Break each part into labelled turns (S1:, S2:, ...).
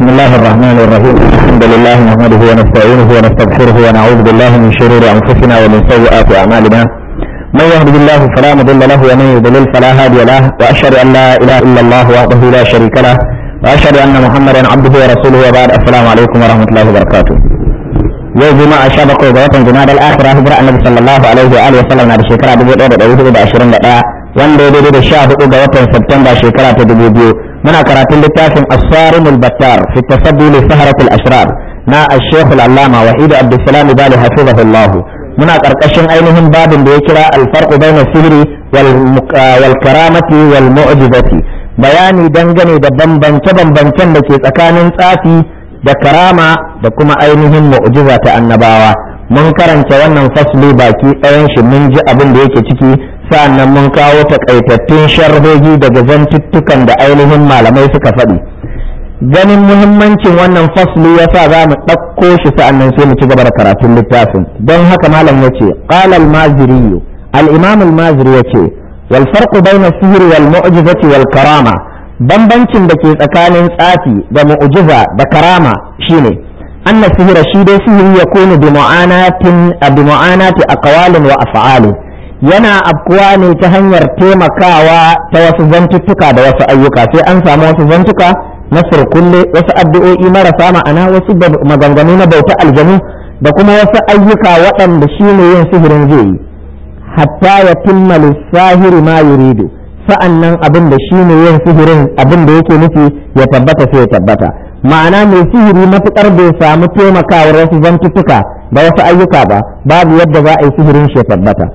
S1: بسم الله الرحمن الرحيم الحمد لله نحمده ونستعينه ونستغفره ونعوذ بالله من شرور انفسنا ومن سيئات اعمالنا من يهده الله فلا مضل له ومن يضلل فلا هادي له واشهد ان لا اله الا الله وحده لا شريك له واشهد ان محمدا عبده ورسوله وبعد السلام عليكم ورحمه الله وبركاته يوم juma'a sha bakwai ga watan juma'a da al'akira hijira annabi sallallahu alaihi wa alihi wa sallam na da shekara dubu wanda ya daidai da sha hudu ga watan Septemba shekara ta dubu biyu muna karatun littafin Aswarimul Battar fi tasabbi saharatul ashrar na Ash-Shaykh Al-Allama Wahid Abdulsalam Bali hafizahullah muna karkashin ainihin babin da ya kira al-farqu bayna sihri ah, wal karamati wal mu'jizati bayani dangane da bambance-bambancen da ke tsakanin tsafi da karama da kuma ainihin mu'jiza ta annabawa mun karanta wannan fasli baki ɗayan shi mun ji abin da yake ciki sa'annan mun kawo takaitattun sharhohi daga zantuttukan da ainihin malamai suka faɗi ganin muhimmancin wannan fasli ya sa za mu ɗauko shi sa'annan sai mu ci gaba da karatun littafin don haka malam ya ce ƙalal maziriyu al'imam al-maziri ya ce wal farqu bayna sihiri wal mu'jizati wal karama bambancin da ke tsakanin tsafi da mu'jiza da karama shine anna nasihira shi dai sihiri ya kunu bi mu'anatin bi mu'anati aqwalin wa af'alin yana afkuwa ne ta hanyar taimakawa ta wasu zantuttuka da wasu ayyuka sai an samu wasu zantuka na surkulle wasu addu'o'i marasa ma'ana wasu maganganu na bauta aljanu da kuma wasu ayyuka waɗanda shi ne yin sihirin zai yi hatta ya tumma lissahiri ma yuridu sa'an nan abin da shi ne yin sihirin abin da yake nufi ya tabbata sai ya tabbata ma'ana mai sihiri matuƙar bai samu taimakawar wasu zantuttuka da wasu ayyuka ba babu yadda za a yi sihirin shi ya tabbata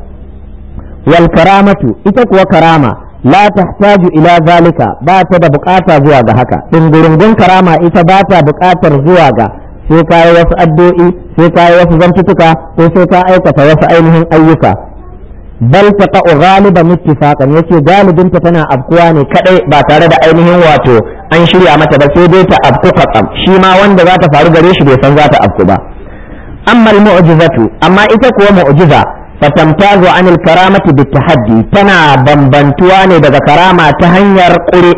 S1: wal karamatu ita kuwa karama la tahtaju ila zalika ba ta da bukata zuwa ga haka ɗin dingurungun karama ita ba ta bukatar zuwa ga sai ka yi wasu addu'o'i sai ka wasu zantutuka ko sai ka aikata wasu ainihin ayyuka bal taqa'u ghaliban ittifaqan yace galibin ta tana afkuwa ne kadai ba tare da ainihin wato an shirya mata ba sai dai ta afku qatam shi ma wanda za ta faru gare shi bai san za ta afku ba amma al mu'jizatu amma ita kuwa mu'ujiza. fatamtazu anil karamati bitahaddi tana bambantuwa ne daga karama ta hanyar kure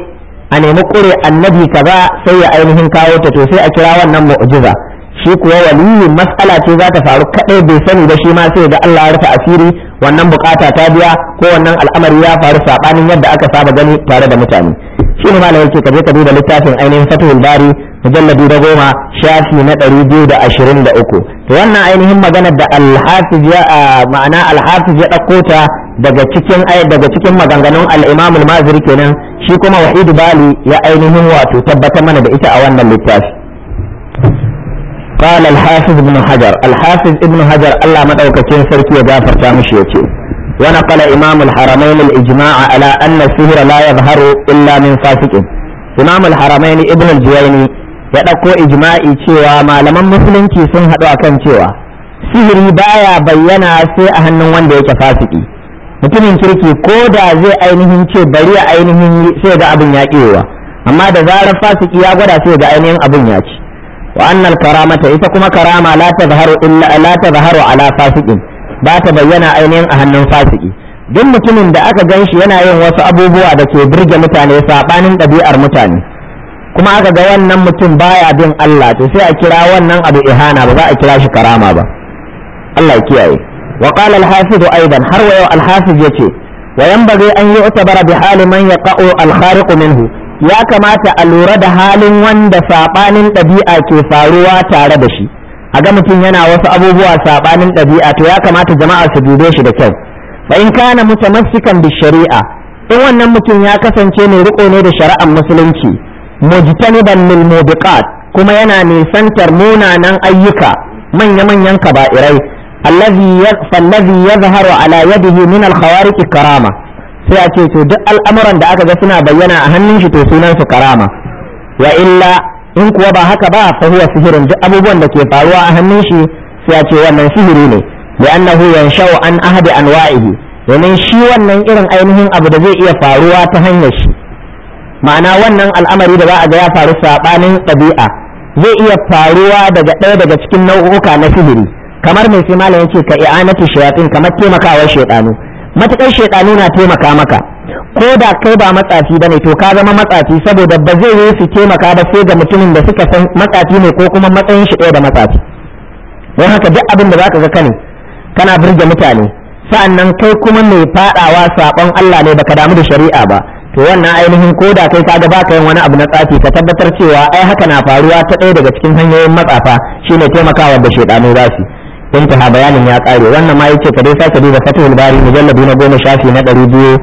S1: a nemi kure annabi kaza sai ya ainihin kawo ta to sai a kira wannan mu'jiza shi kuwa waliyin matsala ce za ta faru kaɗai bai sani ba shi ma sai ga Allah ya rufe asiri wannan bukata ta biya ko wannan al'amari ya faru sabanin yadda aka saba gani tare da mutane shi ne malam yake kaje ka duba littafin ainihin fatul bari mujalladi da goma shafi na ɗari biyu da ashirin da uku wannan ainihin maganar da alhafiz ya ma'ana alhafiz ya ɗauko ta daga cikin daga cikin maganganun al-imam maziri kenan shi kuma wahid bali ya ainihin wato tabbatar mana da ita a wannan littafi قال الحافظ ابن حجر الحافظ ابن حجر الله مدوكتين سركي جافر تامش يتي ونقل إمام الحرمين الإجماع على أن السهر لا يظهر إلا من فاسق إمام الحرمين ابن الجويني ya ɗauko ijma'i cewa malaman musulunci sun haɗu a kan cewa sihiri baya bayyana sai a hannun wanda yake fasiki mutumin kirki ko da zai ainihin ce bari a ainihin sai ga abin ya ƙiwa amma da zarar fasiki ya gwada sai ga ainihin abin ya ci wa annal karamata ita kuma karama la tazharu illa la ala fasikin ba ta bayyana ainihin a hannun fasiki duk mutumin da aka ganshi yana yin wasu abubuwa da ke birge mutane saɓanin ɗabi'ar mutane kuma aka ga wannan mutum baya bin Allah to sai a kira wannan abu ihana ba za a kira shi karama ba Allah ya kiyaye wa qala al-hafiz aidan har wa yau al-hafiz yace wa yanbaghi an yu'tabara bi hali man yaqa'u al-khariq minhu ya kamata a lura da halin wanda sabanin dabi'a ke faruwa tare da shi a ga mutum yana wasu abubuwa sabanin dabi'a to ya kamata jama'a su dube shi da kyau fa in kana mutamassikan bi shari'a in wannan mutum ya kasance mai riko ne da shari'ar musulunci mujtaniban lil mubiqat kuma yana nisantar munanan ayyuka manya-manyan kaba'irai allazi fallazi yazharu ala yadihi min al khawariq karama sai ake to duk al'amuran da aka ga suna bayyana a hannun shi to sunan su karama wa illa in kuwa ba haka ba fa huwa sihirin duk abubuwan da ke faruwa a hannun shi sai a wannan sihiri ne annahu yansha'u an ahadi anwa'ihi domin shi wannan irin ainihin abu da zai iya faruwa ta hanyar shi ma'ana wannan al'amari da za a ga ya faru saɓanin ɗabi'a zai iya faruwa daga ɗaya daga cikin nau'uka na sihiri kamar mai sai malam yace ka i'anatu shayatin kamar taimakawa shaytanu matukar shaytanu na taimaka maka ko da kai ba matsafi ne to ka zama matsafi saboda ba zai yi su taimaka ba sai ga mutumin da suka san matsafi ne ko kuma matsayin shi ɗaya da matsafi don haka duk abin da ka ga kane kana burge mutane sa'annan kai kuma mai faɗawa saɓon Allah ne baka damu da shari'a ba to wannan ainihin ko da kai kaga baka yin wani abu na tsafi ka tabbatar cewa ai haka na faruwa ta ɗaya daga cikin hanyoyin matsafa shine taimakawa da shaidanu za su intaha bayanin ya ƙare wannan ma yace ka dai sake duba fatihul bari mujalladu na goma shafi na ɗari biyu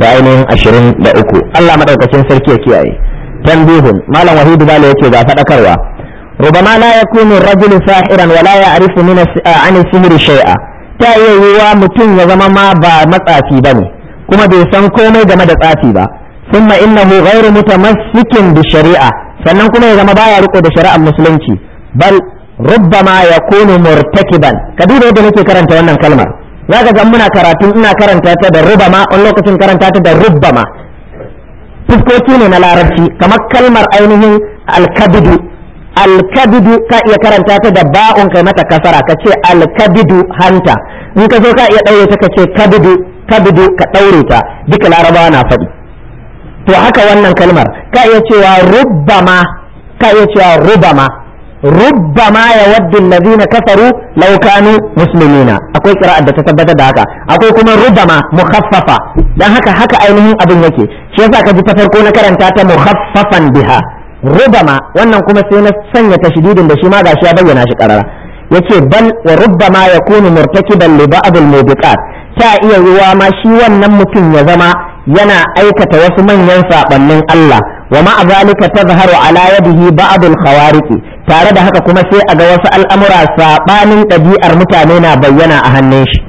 S1: da ainihin ashirin da uku Allah madaukakin sarki ya kiyaye tanbihun malam wahidu bala yace ga faɗakarwa ربما لا يكون الرجل ساحرا ولا يعرف من عن السحر شيئا ta iya متين mutum ya zama ma ba matsafi ba ne kuma bai san komai game da tsafi ba thumma innahu ghairu mutamassikin bi shari'a sannan kuma ya zama baya riko da shari'ar musulunci bal rubbama yakunu murtakiban ka duba yadda nake karanta wannan kalmar zaka ga muna karatu ina karanta ta da rubama wani lokacin karanta ta da rubbama fuskoki ne na larabci kamar kalmar ainihin alkabidu alkabidu ka iya karanta ta da ba'un kai mata kasara ka ce alkabidu hanta in ka zo ka iya ɗaure ta ka ce kabidu kabidu ka ɗaure ta duka larabawa na faɗi to haka wannan kalmar ka iya cewa rubbama ka iya cewa rubama rubbama ya waddu allazina kafaru law kanu muslimina akwai qira'ar da ta tabbatar da haka akwai kuma rubbama mukhaffafa dan haka haka ainihin abin yake shi yasa ka ji ta farko na karanta ta mukhaffafan biha rubama wannan kuma sai na sanya tashdidin da shi ma gashi ya bayyana shi karara yace bal wa rubbama yakunu murtakiban li ba'd al-mubiqat ta iya ruwa ma shi wannan mutum ya zama yana aikata wasu manyan saɓannin Allah wa ma'azalika ta tazharu ala yadihi ba'd al tare da haka kuma sai a ga wasu al'amura saɓanin ɗabi'ar mutane na bayyana a hannun shi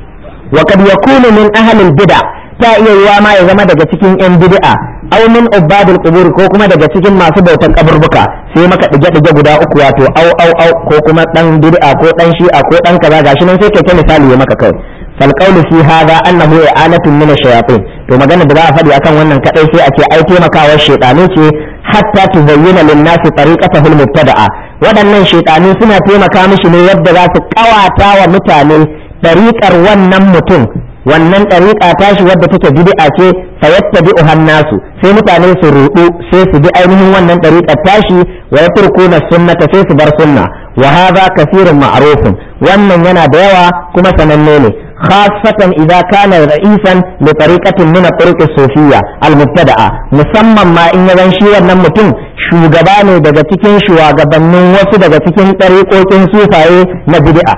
S1: wa kad yakunu min ahli bid'a ta iya ruwa ma ya zama daga cikin yan bid'a aw min ubadul qubur ko kuma daga cikin masu bautan kaburbuka sai maka dige dige guda uku wato au au au ko kuma dan bid'a ko dan shi'a ko dan kaza gashi nan sai kai ta misali ya maka kai falqaulu fi hadha annahu i'anatun min ash-shayatin to magana da za a faɗi akan wannan kadai sai a ce ai taimakawar shaytanu ce hatta tubayyana lin-nasi tariqatahu al-mubtada'a waɗannan shaytanu suna taimaka mishi ne yadda za su kawata wa mutane tariqar wannan mutum wannan ɗariƙa tashi wadda take bid'a ce fa yattabi'u hannasu sai mutane su rudu sai su bi ainihin wannan ɗariƙar tashi wa yatrukuna sunnata sai su bar sunna wa hadha kathirun ma'rufun wannan yana da yawa kuma sananne ne خاصة إذا كان رئيسا لطريقة من الطرق الصوفية المبتدعة مسمى ما إن ينشي ونمتن شوغباني daga cikin shugabannin wasu daga cikin طريق sufaye na bid'a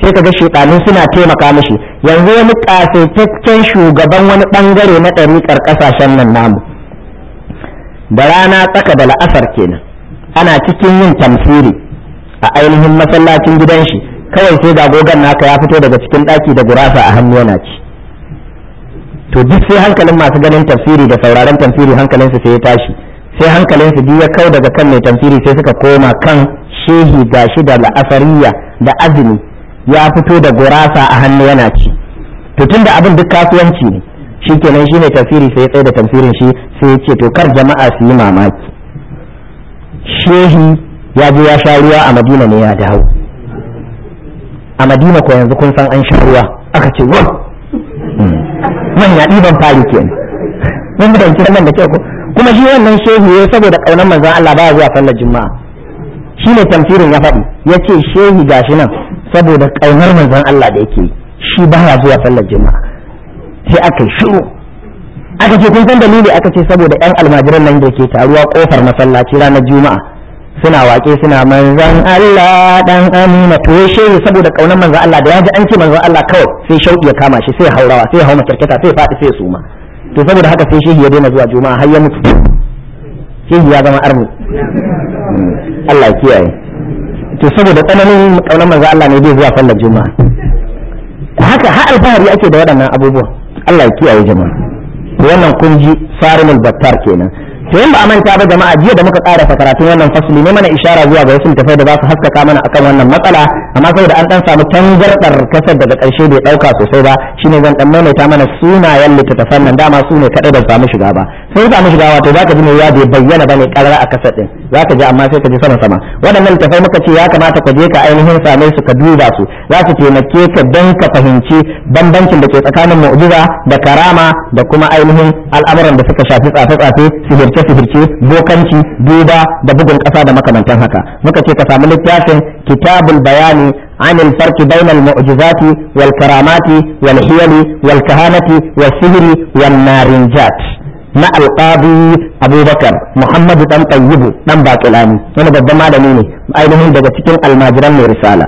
S1: sai ga shekalun suna taimaka mishi yanzu wani kasaitaccen shugaban wani bangare na ɗariƙar ƙasashen nan namu da rana tsaka da la'asar kenan ana cikin yin tamsiri a ainihin masallacin gidan shi kawai sai ga gogan naka ya fito daga cikin daki da gurasa a hannu yana ci to duk sai hankalin masu ganin tafsiri da sauraron tafsiri hankalin su sai ya tashi sai hankalin su ya kau daga kan mai tafsiri sai suka koma kan shehi gashi da la'asariya da azumi ya fito da gurasa a hannu yana ci to tunda abin duk kasuwanci ne shikenan shi ne tafsiri sai ya tsaye da tafsirin shi sai ya ce to kar jama'a su yi mamaki shehi ya je ya sha ruwa a madina ne ya dawo a madina ko yanzu kun san an sha ruwa aka ce wa hmm. ya diban fari ke mun da kike nan da ke ko kuma shi wannan shehu ya saboda kaunar manzon Allah baya zuwa sallar juma'a shi ne tamfirin ya faɗi ya ce shehu gashi nan saboda kaunar manzon Allah da yake shi baya zuwa sallar juma'a sai aka yi shiru aka ce kun san dalili aka ce saboda yan almajiran nan da ke taruwa kofar masallaci ranar juma'a suna waƙe suna manzan Allah dan amina to ya saboda kaunar manzan Allah da yaji an ce manzan Allah kawai sai shauki ya kama shi sai haurawa sai hauma kirkita sai faɗi sai suma to saboda haka sai shehi ya daina zuwa juma'a har ya mutu shehi ya zama arni Allah kiyaye to saboda tsananin kaunar manzan Allah ne bai zuwa sallar juma'a haka har alfahari ake da waɗannan abubuwa Allah ya kiyaye jama'a wannan kun ji battar kenan to yin ba a manta ba jama'a jiya da muka ƙara karatun wannan fasuli ne mana ishara zuwa ga wasu tafai da za su haskaka mana akan wannan matsala amma saboda an dan samu tangarɗar kasar daga ƙarshe bai ɗauka sosai ba shine zan dan maimaita mana sunayen littattafan nan dama su ne kaɗai da samu shiga ba sai samu shiga wato za ka ji ne ya bai bayyana ba ne ƙarar a kasar ɗin za ka je amma sai ka ji sama sama waɗannan littafai muka ce ya kamata ka je ka ainihin same su ka duba su za su taimake ka don ka fahimci bambancin da ke tsakanin mu'jiza da karama da kuma ainihin al'amuran da suka shafi tsafe-tsafe sihirce sihirce bokanci duba da bugun ƙasa da makamantan haka muka ce ka samu littafin kitabul bayani عن الفرق بين المعجزات والكرامات والحيل والكهانة والسحر والنارنجات na alƙadu abubakar muhammadu dan tayyibu dan baƙilani wani babban malami ne ainihin daga cikin almajiran mai risala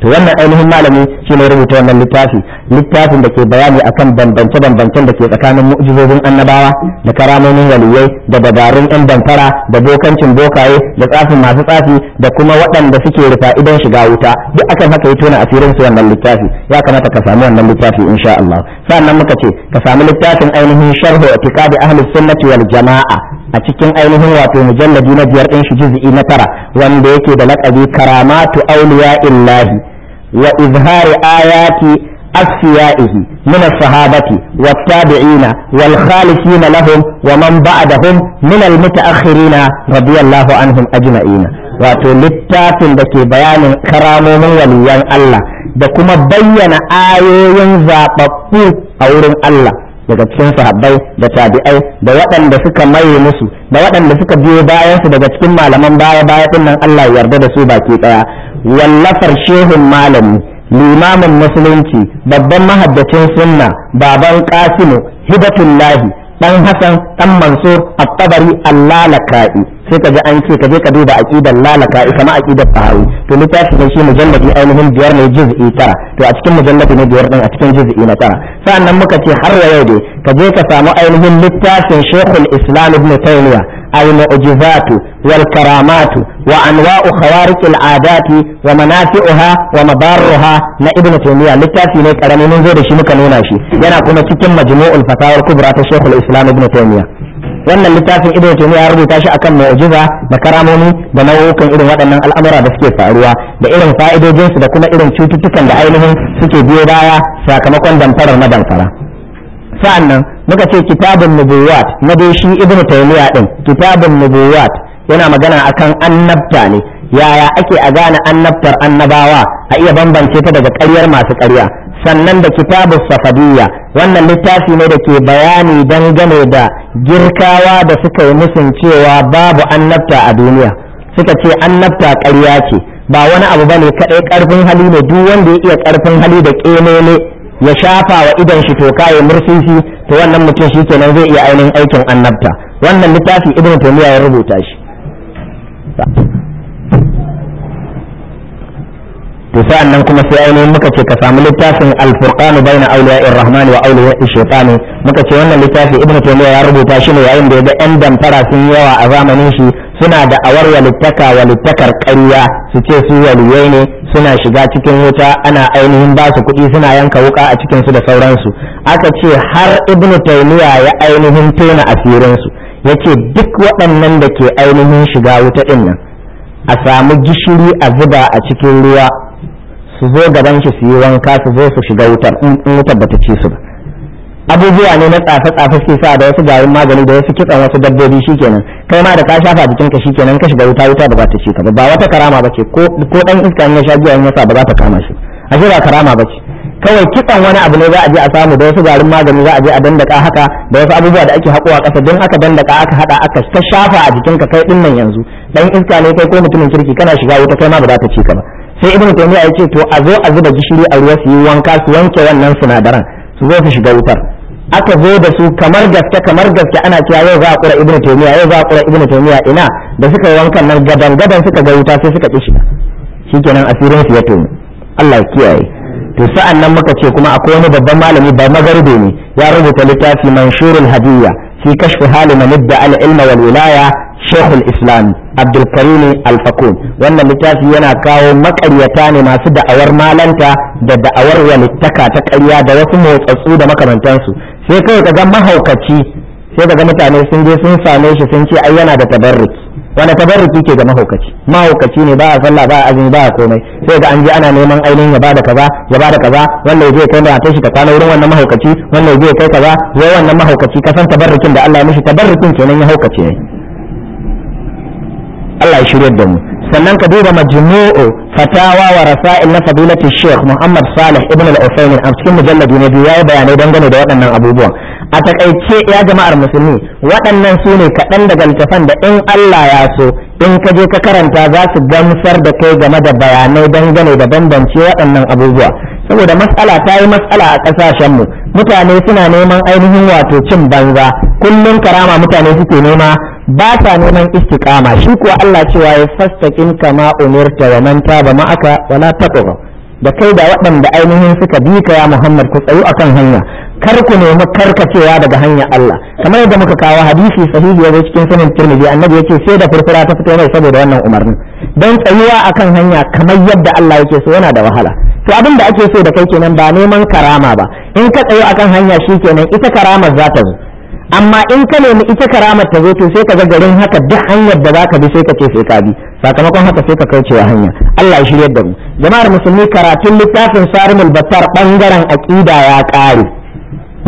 S1: to wannan ainihin malami shi ne rubuta wannan littafi littafin da ke bayani a kan bambance bambancen da ke tsakanin mu'jizozin annabawa da karamomin waliyai da dabarun yan damfara da bokancin bokaye da tsafin masu tsafi da kuma waɗanda suke rufa idan shiga wuta duk akan haka ya tona asirin su wannan littafi ya kamata ka samu wannan littafi insha'Allah Allah sannan muka ce ka samu littafin ainihin sharhu itiqadi ahli sunnati wal jama'a a cikin ainihin wato mujalladi na biyar ɗin shi juz'i na tara wanda yake da laƙabi karamatu auliya illahi wa izhari ayati asfiyaihi min as-sahabati wat-tabi'ina wal-khalifin lahum wa man ba'dahum min al-muta'akhirin radiyallahu anhum ajma'in wato littafin da ke bayanin karamomin waliyan Allah da kuma bayyana ayoyin zababbu a wurin Allah daga cikin sahabbai da tabi'ai da waɗanda suka maye musu da waɗanda suka biyo bayansu daga cikin malaman baya baya din nan Allah ya yarda da su baki ɗaya wallafar shehun malami limamin musulunci babban mahaddacin sunna baban qasimu hibatullahi dan Hassan dan Mansur at-Tabari al-Lalaka'i sai kaje ji an ce ka je ka duba aqidar Lalaka'i kama aqidar Tahawi to littafi ne shi mujalladi ainihin biyar ne juz'i tara to a cikin mujalladi ne biyar din a cikin juz'i na tara sa'annan muka ce har wa yau dai ka je ka samu ainihin littafin Sheikhul Islam Ibn Taymiyyah المعجزات والكرامات وأنواع خوارق العادات ومنافعها ومضارها نا ابن تيمية لتافي نيك أرمي منذ دشي مكانونا شي ينا كما تتم مجموع الفتاوى الكبرى تشيخ الإسلام Ibn تيمية wannan littafin ibn taymiya ya rubuta shi akan mu'jiza da karamomi da nau'ukan irin waɗannan al'amura da suke faruwa da irin fa'idojinsu da kuma irin cututtukan da ainihin suke biyo baya sakamakon damfarar na damfara sa'annan muka ce kitabun nubuwat na dai shi ibnu taymiya din kitabun nubuwat yana magana akan annabta ne yaya ake a gane annabtar annabawa a iya bambance ta daga ƙaryar masu ƙarya sannan da kitabus safadiyya wannan littafi ne da ke bayani dangane da girkawa da suka yi musun cewa babu annabta a duniya suka ce annabta ƙarya ce ba wani abu bane kaɗai ƙarfin hali ne duk wanda ya iya ƙarfin hali da ƙenene ya shafa wa idan shi toka ya murfifi to wannan mutum shi kenan zai iya ainihin aikin annabta wannan littafin ibn taymiya ya rubuta shi to sa'an nan kuma sai ainihin muka ce ka samu littafin alfurqanu baina awliya'ir rahmani wa awliya'ish shaitani muka ce wannan littafi ibnu taymiya ya rubuta shi ne yayin da ya ga yan damfara sun yawa a zamanin shi suna da awar walittaka walittakar ƙarya su ce su waliyai ne suna shiga cikin wuta ana ainihin ba su kuɗi suna yanka wuka a cikin su da sauransu aka ce har ibnu taymiya ya ainihin tona asirin su yace duk waɗannan da ke ainihin shiga wuta ɗin nan a samu gishiri a zuba a cikin ruwa su zo gaban shi su yi wanka su zo su shiga wutar in wutar bata ci su ba abubuwa ne na tsafe tsafe suke sa da wasu garin magani da wasu kitsan wasu dabbobi shikenan kai ma da ka shafa jikin ka shikenan ka shiga wuta wuta ba za ta ci ka ba ba wata karama bace ko ko dan iska in ya sha giya in ya sa ba za ta kama shi ashe ba karama bace kawai kitsan wani abu ne za a je a samu da wasu garin magani za a je a dandaka haka da wasu abubuwa da ake haƙowa ƙasa don aka dandaka aka haɗa aka ta shafa a jikinka kai ɗin nan yanzu dan iska ne kai ko mutumin kirki kana shiga wuta kai ma ba za ta ci ka ba sai ibnu taymiya ya ce to a zo a zuba gishiri a ruwa su yi wanka su wanke wannan sinadaran su zo su shiga wutar aka zo da su kamar gaske kamar gaske ana cewa yau za a kura ibnu taymiya yau za a kura ibnu taymiya ina da suka yi wankan nan gadan gadan suka ga wuta sai suka ki shiga shikenan asirin su ya tomi Allah kiyaye to sa'an nan muka ce kuma akwai wani babban malami ba magarbe ne ya rubuta littafi manshurul hadiyya fi kashfi hali man al ilma wal wilaya shekul islam abdulkarim alfakun wannan littafi yana kawo makaryata ne masu da'awar malanta da da'awar walittaka ta karya da wasu motsatsu da makamantansu sai kawai ka mahaukaci sai ka mutane sun je sun same shi sun ce ai yana da tabarruki wani tabarruki ke ga mahaukaci mahaukaci ne ba a sallah ba a azumi komai sai ga an je ana neman ainihin ya bada kaza ya bada kaza wannan zai kai matar shi ta kwana wurin wannan mahaukaci wannan zai kai kaza wai wannan mahaukaci kasan tabarrukin da Allah ya mishi tabarrukin kenan ya haukace Allah ya shirya da mu sannan ka duba majmu'u fatawa wa rasail na fadilatu Sheikh Muhammad Salih ibn al-Uthaymeen a cikin mujalladi na biyu yayi bayanai dangane da waɗannan abubuwan a takaice ya jama'ar musulmi waɗannan su ne kaɗan daga littafan da in Allah ya so in ka je ka karanta za su gamsar da kai game da bayanai dangane da bambance waɗannan abubuwa saboda matsala ta yi matsala a ƙasashenmu mutane suna neman ainihin wato cin banza kullum karama mutane suke nema ba sa neman istiqama shi kuwa Allah cewa ya fastaqim kama umirta wa man taba ma'aka wala taqwa da kai da waɗanda ainihin suka bi ka ya Muhammad ku tsayu akan hanya kar ku nemi karkacewa daga hanya Allah kamar yadda muka kawo hadisi sahihi ya cikin sunan Tirmidhi annabi ya ce sai da furfura ta fito mai saboda wannan umarni don tsayuwa akan hanya kamar yadda Allah yake so yana da wahala to abin da ake so da kai kenan ba neman karama ba in ka tsayo akan hanya shi kenan ita karamar za ta zo amma in ka nemi ita karamar ta zo to sai ka ga garin haka duk hanyar da zaka bi sai ka ce sai ka bi sakamakon haka sai ka kaucewa hanya Allah ya shiryar da mu jama'ar musulmi karatun littafin sarimul battar bangaren aqida ya kare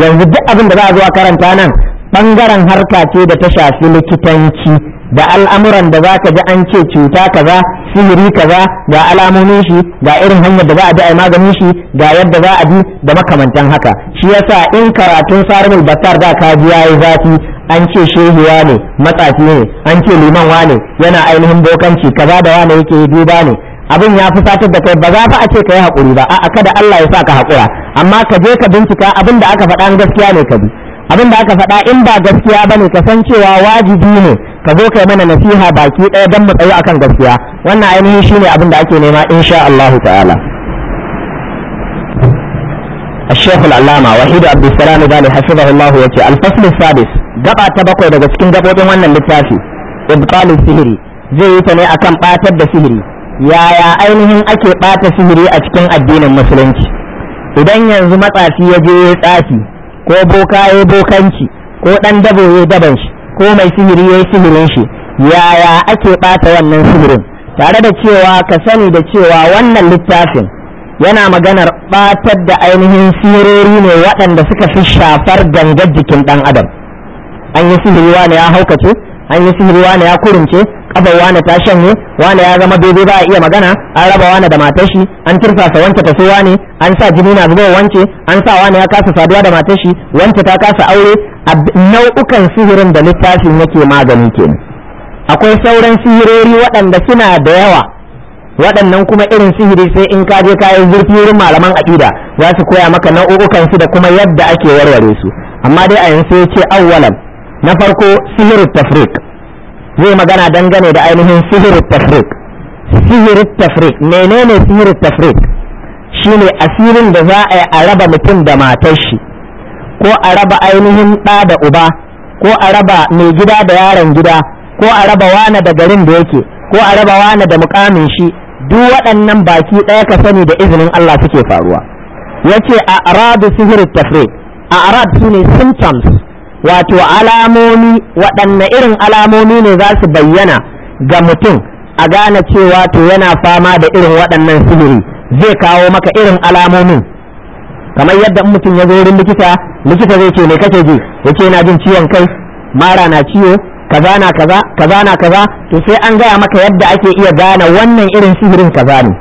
S1: yanzu duk abin da za a zo a karanta nan bangaren harka ce da ta shafi likitanci da al'amuran da za ka ji an ce cuta kaza sihiri kaza ga alamomin shi ga irin hanyar da za a bi a maganin shi ga yadda za a bi da makamantan haka shi yasa in karatun sarmul basar da ka ji yayi zafi an ce shehuwa ne matsafi ne an ce liman wane yana ainihin bokanci kaza da wane yake duba ne abin ya fi satar da kai ba za fa a ce ka yi haƙuri ba a'a kada Allah ya sa ka haƙura amma ka je ka bincika abin da aka faɗa gaskiya ne ka bi abin da aka faɗa in ba gaskiya bane ka san cewa wajibi ne ka zo kai mana nasiha baki ɗaya don mu tsayu akan gaskiya wannan ainihin shine abin da ake nema insha Allah ta'ala الشيخ العلامة وحيد عبد السلام غالي حفظه الله يتي الفصل السادس قطع تبقى daga cikin gabobin wannan littafi ibtal sihiri zai yi ta ne akan batar da sihiri yaya ainihin ake bata sihiri a cikin addinin musulunci idan yanzu matsafi ya je ya tsafi ko boka ya bokanci ko ɗan dabo ya daban shi ko mai sihiri ya yi sihirin shi yaya ake ɓata wannan sihirin tare da cewa ka sani da cewa wannan littafin yana maganar ɓatar da ainihin sihirori ne waɗanda suka fi shafar gangar jikin ɗan adam an yi wa ne ya haukace an yi wa ne ya kurince kafa wane ta shanye wane ya zama dodo ba a iya magana an raba wane da matar shi an turfasa wance ta so wane an sa jini na zuba wance an sa wane ya kasa saduwa da matar shi wance ta kasa aure nau'ukan sihirin da littafin yake magani ke. akwai sauran sihirori waɗanda suna da yawa waɗannan kuma irin sihiri sai in ka je kayan zurfi wurin malaman aƙida za su koya maka nau'ukan su da kuma yadda ake warware su amma dai a yanzu sai ce awwalan na farko sihirin tafrik zai magana dangane da ainihin sihirin tafrik sihirin tafrik menene sihirin tafrik shi ne asirin da za a yi a raba mutum da matar shi ko a raba ainihin ɗa da uba ko a raba mai gida da yaron gida ko a raba wane da garin da yake ko a raba wane da mukamin shi duk waɗannan baki ɗaya ka sani da izinin Allah suke faruwa yace a aradu sihirin tafrik a arad ne symptoms wato alamomi waɗanne irin alamomi ne za su bayyana ga mutum a gane cewa to yana fama da irin waɗannan sihiri zai kawo maka irin alamomin kamar yadda mutum ya zo wurin likita likita zai ce me kake ji ce na jin ciwon kai mara na ciwo kaza na kaza kaza na kaza to sai an gaya maka yadda ake iya gane wannan irin sihirin kaza ne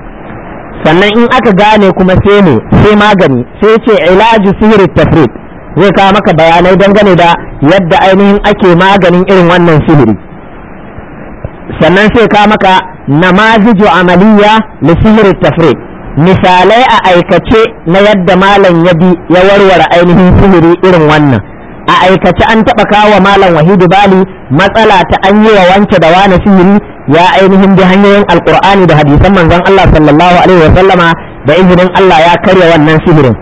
S1: sannan in aka gane kuma sai ne sai magani sai ce ilaji sihiri tafrid zai kawo maka bayanai dangane da yadda ainihin ake maganin irin wannan sihiri sannan sai kawo maka namaziju amaliya na sihirin tafre misalai a aikace na yadda malam ya bi ya warware ainihin sihiri irin wannan a aikace an taɓa kawo malam wahidu bali matsala ta an yi wa wance da wane sihiri ya ainihin bi hanyoyin alkur'ani da hadisan manzon Allah sallallahu alaihi da izinin Allah ya karya wannan sihirin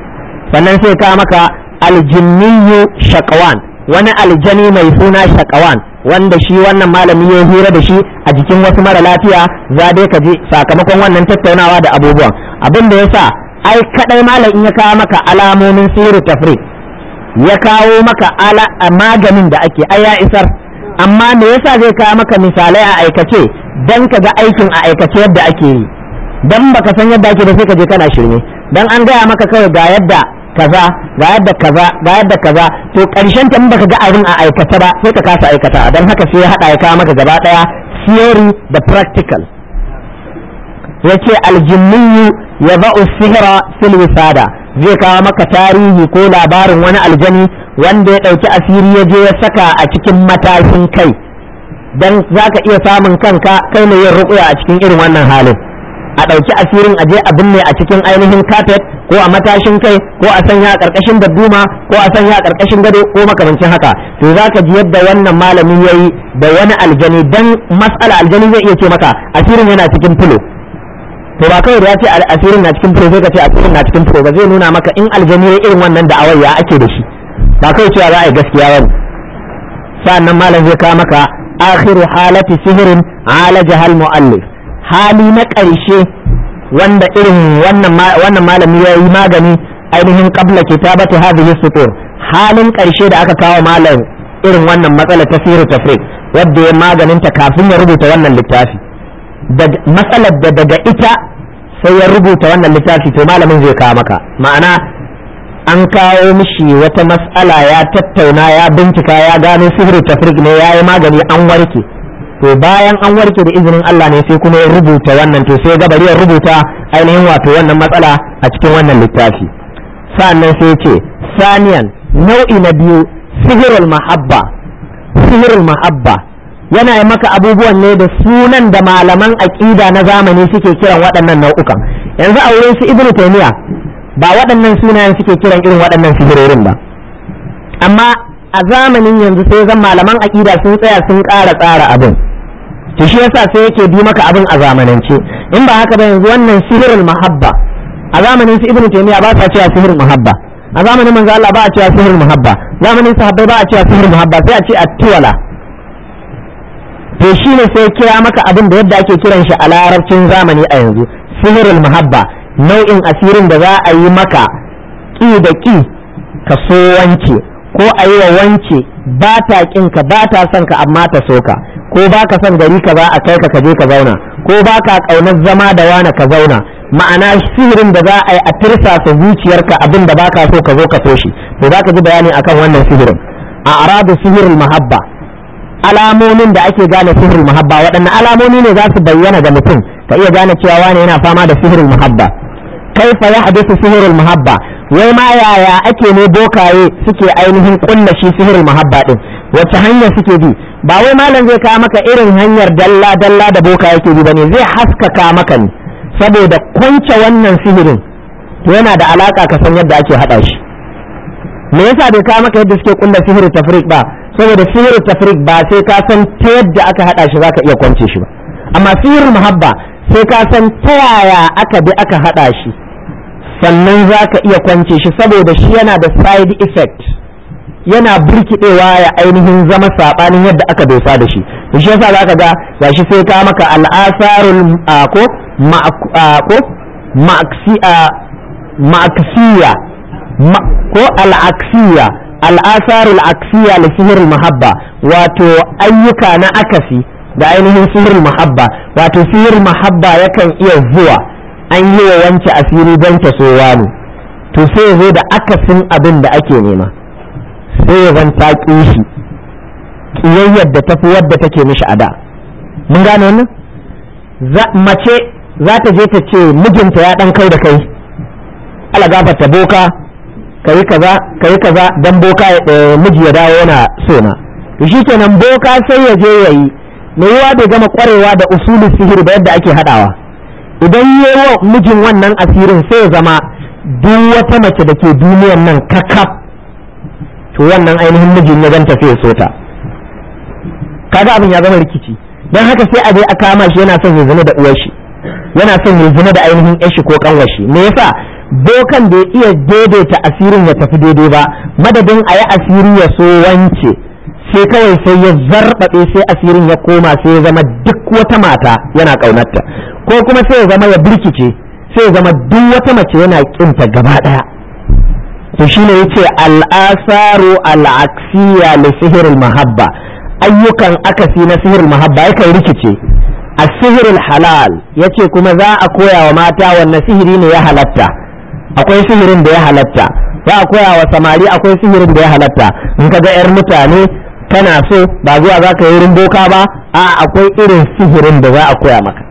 S1: sannan sai ka maka aljinniyu shakawan wani aljani mai suna shakawan wanda shi wannan malami ya hira da shi a jikin wasu mara lafiya za dai ka je sakamakon wannan tattaunawa da abubuwan abin da yasa ai kadai malam in ya kawo maka alamomin sirri tafri ya kawo maka maganin da ake ai ya isar amma me yasa zai kawo maka misalai a aikace dan ka ga aikin a aikace yadda ake yi dan baka san yadda ake da sai ka je kana shirme dan an gaya maka kawai ga yadda kaza ga yadda kaza ga yadda kaza to karshen ta in baka ga abin a aikata ba sai ka kasa aikata dan haka sai ya hada ya kawo maka gaba daya theory da practical yace aljinniyu ya ba'u sihra fil wisada zai kawo maka tarihi ko labarin wani aljani wanda ya dauki asiri ya je ya saka a cikin matashin kai dan zaka iya samun kanka kai mai yin ruqya a cikin irin wannan halin a ɗauki asirin a je a binne a cikin ainihin kafet ko a matashin kai ko a sanya a ƙarƙashin dadduma ko a sanya a ƙarƙashin gado ko makamancin haka to za ka ji yadda wannan malami ya yi da wani aljani dan mas'ala aljani zai iya ce maka asirin yana cikin filo to ba kawai da ya ce asirin na cikin filo sai ka ce asirin na cikin filo ba zai nuna maka in aljani ya irin wannan da'awar ya ake da shi ba kawai cewa za a yi gaskiya ba sa'an nan malam zai kawo maka akhiru halati sihirin ala jahal mu'allif hali na ƙarshe wanda irin wannan malami ya yi magani ainihin ke ta kitabati hadhihi sutur halin ƙarshe da aka kawo malam irin wannan matsala ta siru tafrik wadda ya maganinta kafin ya rubuta wannan littafi matsalar da daga ita sai ya rubuta wannan littafi to malamin zai kawo maka ma'ana an kawo mishi wata matsala ya tattauna ya bincika ya gano sihirin tafrik ne ya yi magani an warke to bayan an warke da izinin Allah ne sai kuma ya rubuta wannan to sai gabari ya rubuta ainihin wato wannan matsala a cikin wannan littafi sa'annan sai ce saniyan nau'i na biyu sihirul mahabba sihirul mahabba yana yi maka abubuwan ne da sunan da malaman aƙida na zamani suke kiran waɗannan nau'ukan yanzu a wurin su ibnu taymiya ba waɗannan sunayen suke kiran irin waɗannan sihirorin ba amma a zamanin yanzu sai zan malaman aƙida sun tsaya sun ƙara tsara abin to shi yasa sai yake bi maka abin a zamanance in ba haka ba yanzu wannan sihirul mahabba a zamanin su ibnu taymiya ba sa cewa sihirul mahabba a zamanin manzo Allah ba a cewa sihirul mahabba zamanin sahabbai ba a cewa sihirul mahabba sai a ce attiwala to shi ne sai kira maka abin da yadda ake kiran shi a larabcin zamani a yanzu sihirul mahabba nau'in asirin da za a yi maka ki da ki ka so wanke ko a yi wa wance ba ta kinka ba ta son ka amma ta so ka ko ba ka son gari kaza a kai ka je ka zauna ko ba ka kaunar zama da wani ka zauna ma'ana sihirin da za a yi a tirsasa zuciyarka abin da ba ka so ka zo ka so shi to za ka ji bayani akan wannan sihirin a aradu sihirin mahabba alamomin da ake gane sihirin mahabba waɗannan alamomi ne za su bayyana ga mutum ka iya gane cewa wani yana fama da sihirin mahabba fa ya hadisu sihirin mahabba wai ma yaya ake ne bokaye suke ainihin kunna shi sihirin mahabba din wacce hanyar suke bi ba wai malam zai kawo maka irin hanyar dalla dalla da boka yake bi bane zai haskaka maka ne saboda kwance wannan sihirin to yana da alaka ka san yadda ake hada shi me yasa bai kawo maka yadda suke kunna sihirin tafrik ba saboda sihirin tafrik ba sai ka san ta yadda aka hada shi zaka iya kwance shi ba amma sihirin muhabba sai ka san ta yaya aka bi aka hada shi sannan zaka iya kwance shi saboda shi yana da side effect yana burkidewa ya ainihin zama sabanin yadda aka dosa da shi to shi yasa zaka ga gashi sai ka maka al'asarul ko ko ma'aksiya ko al'aksiya al'asarul aksiya li sihirul mahabba wato ayyuka na akasi da ainihin sihirul mahabba wato sihirul mahabba yakan iya zuwa an yi wa wance asiri don ta so wani to sai zo da akasin abin da ake nema sai ya zan ta shi ƙiyayyar da tafi wadda take mishi a da mun gane wannan mace za ta je ta ce mijinta ya ɗan kai da kai ala gafarta boka ka kaza kaza dan boka eh, miji ya dawo yana sona to shikenan boka sai ya je yayi mai yiwa bai gama kwarewa da usulul sihiri da yadda ake haɗawa idan yi wa mijin wannan asirin sai ya zama duk wata mace da ke duniyar nan kakaf to wannan ainihin mijin ya zanta sai ya so ta kaga abin ya zama rikici dan haka sai a je a kama shi yana son ya zina da uwar shi yana son ya zina da ainihin ɗan shi ko kanwar shi me yasa bokan da ya iya daidaita asirin ya tafi daidai ba madadin a yi asiri ya so wance sai kawai sai ya zarbaɗe sai asirin ya koma sai ya zama duk wata mata yana ƙaunarta ko kuma sai ya zama ya birkice sai ya zama duk wata mace yana ƙinta gaba ɗaya to shine yace al alaksiya al-aksiya li sihr mahabba ayyukan akasi na sihr mahabba yakan rikice asihir halal yace kuma za a koya wa mata wannan sihiri ne ya halatta akwai sihirin da ya halatta za a koya wa samari akwai sihirin da ya halatta in ka ga yar mutane kana so ba zuwa za ka yi boka ba a akwai irin sihirin da za a koya maka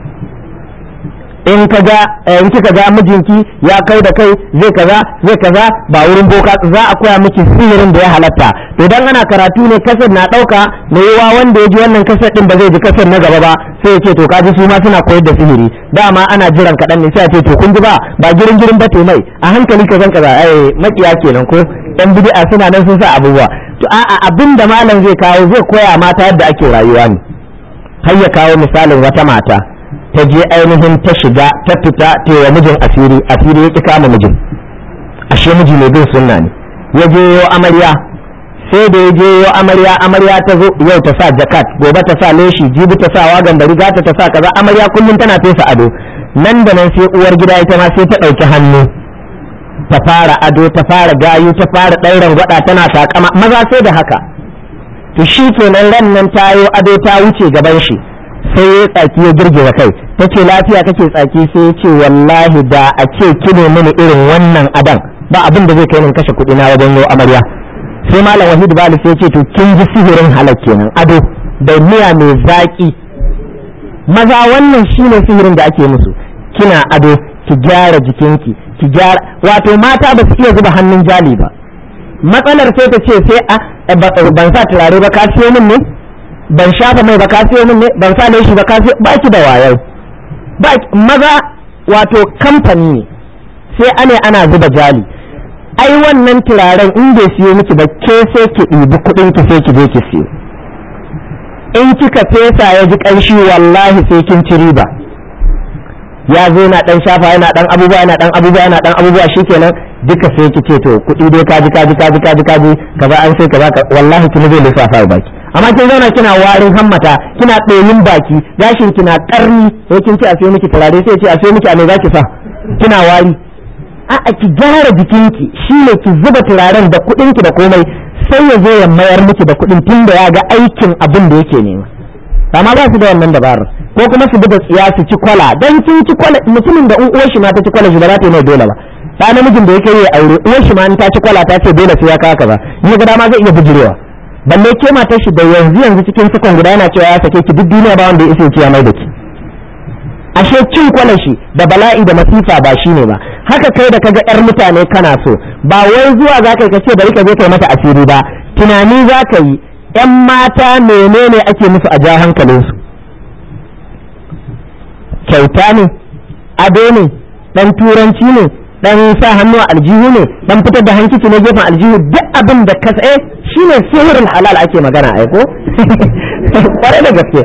S1: in ka ga eh, in kika ga mijinki ya kai da kai zai kaza zai kaza ba wurin boka za a koya miki sihirin da ya halatta to dan ana karatu ne kasar na dauka na yawa wanda ya ji wannan kasar din ba zai ji kasar na gaba ba sai ya ce to kaji su ma suna koyar da sihiri dama ana jiran kaɗan ne sai ya ce to kun ji ba ba girin girin ba mai a hankali ka zan kaza ai makiya kenan ko yan bid'a suna nan sun sa abubuwa to a'a abin da malam zai kawo zai koya mata yadda ake rayuwa ne har ya kawo misalin wata mata ta je ainihin ta shiga ta fita ta wa mijin asiri asiri ya ki kama mijin ashe miji mai bin sunna ne ya je yo amarya sai da ya je yo amarya amarya ta zo yau ta sa jakat gobe ta sa leshi jibi ta sa wagan bari gata ta sa kaza amarya kullum tana fesa ado nan da nan sai uwar gida ita ma sai ta ɗauki hannu ta fara ado ta fara gayu ta fara ɗairan gwada tana takama maza sai da haka to shi kenan ran nan tayo ado ta wuce gaban shi sai ya tsaki ya girgiza kai ta ce lafiya kake tsaki sai ya ce wallahi da a ce kine mini irin wannan adan ba abin da zai kai min kashe kuɗi na wajen yau amarya sai malam wahid bali sai ya ce to kin ji sihirin halak kenan ado da miya mai zaki maza wannan shine sihirin da ake musu kina ado ki gyara jikinki ki gyara wato mata ba su iya zuba hannun jali ba matsalar sai ta ce sai a eh, ban sa turare ba ka siyo min ne ban shafa mai ba kafiyo min ne ban sa shi ba kafiyo ba ki da wayar. ba maza wato kamfani ne sai ane ana zuba jali ai wannan turaren in bai siyo miki ba ke sai ki ɗibi kuɗin ki sai ki je ki siyo in kika fesa ya ji ƙanshi wallahi sai kin ci riba ya zo na ɗan shafa yana ɗan abubuwa yana ɗan abubuwa yana ɗan abubuwa shikenan duka sai ki ce to kuɗi dai kaji kaji kaji kaji kaji gaba an sai ka kaza wallahi kin zai lissafa baki amma kin zauna kina warin hammata kina ɗoyin baki gashin kina karni sai kin ce a sayo miki turare sai ce a sayo miki a me zaki sa kina wari a'a ki gyara jikinki shine ki zuba turaren da kuɗin ki da komai sai ya zo ya mayar miki da kuɗin tun da ya ga aikin abin da yake nema amma ba su da wannan dabarar ko kuma su buga tsiya su ci kwala dan kin ci kwala mutumin da uwar shi ma ta ci kwala shi ba za ta yi mai dole ba ba namijin da yake yi aure uwar shi ma ta ci kwala ta ce dole sai ya kaka ba, ni ga dama zai iya bijirewa balle ke matar shi da yanzu yanzu cikin sakon guda yana cewa ya sake ki duk duniya ba wanda ya isa ya mai da ki ashe cin kwalashi da bala'i da masifa ba shi ne ba haka kai da kaga yar mutane kana so ba wai zuwa za ka yi kace bari ka je kai mata asiri ba tunani za ka yi yan mata menene ake musu a ja hankalin su. kyauta ne ado ne dan turanci ne dan sa hannu a aljihu ne dan fitar da hankici ne gefen aljihu duk abin da ka tsaye shine sihirin halal ake magana ai ko kwarai da gaske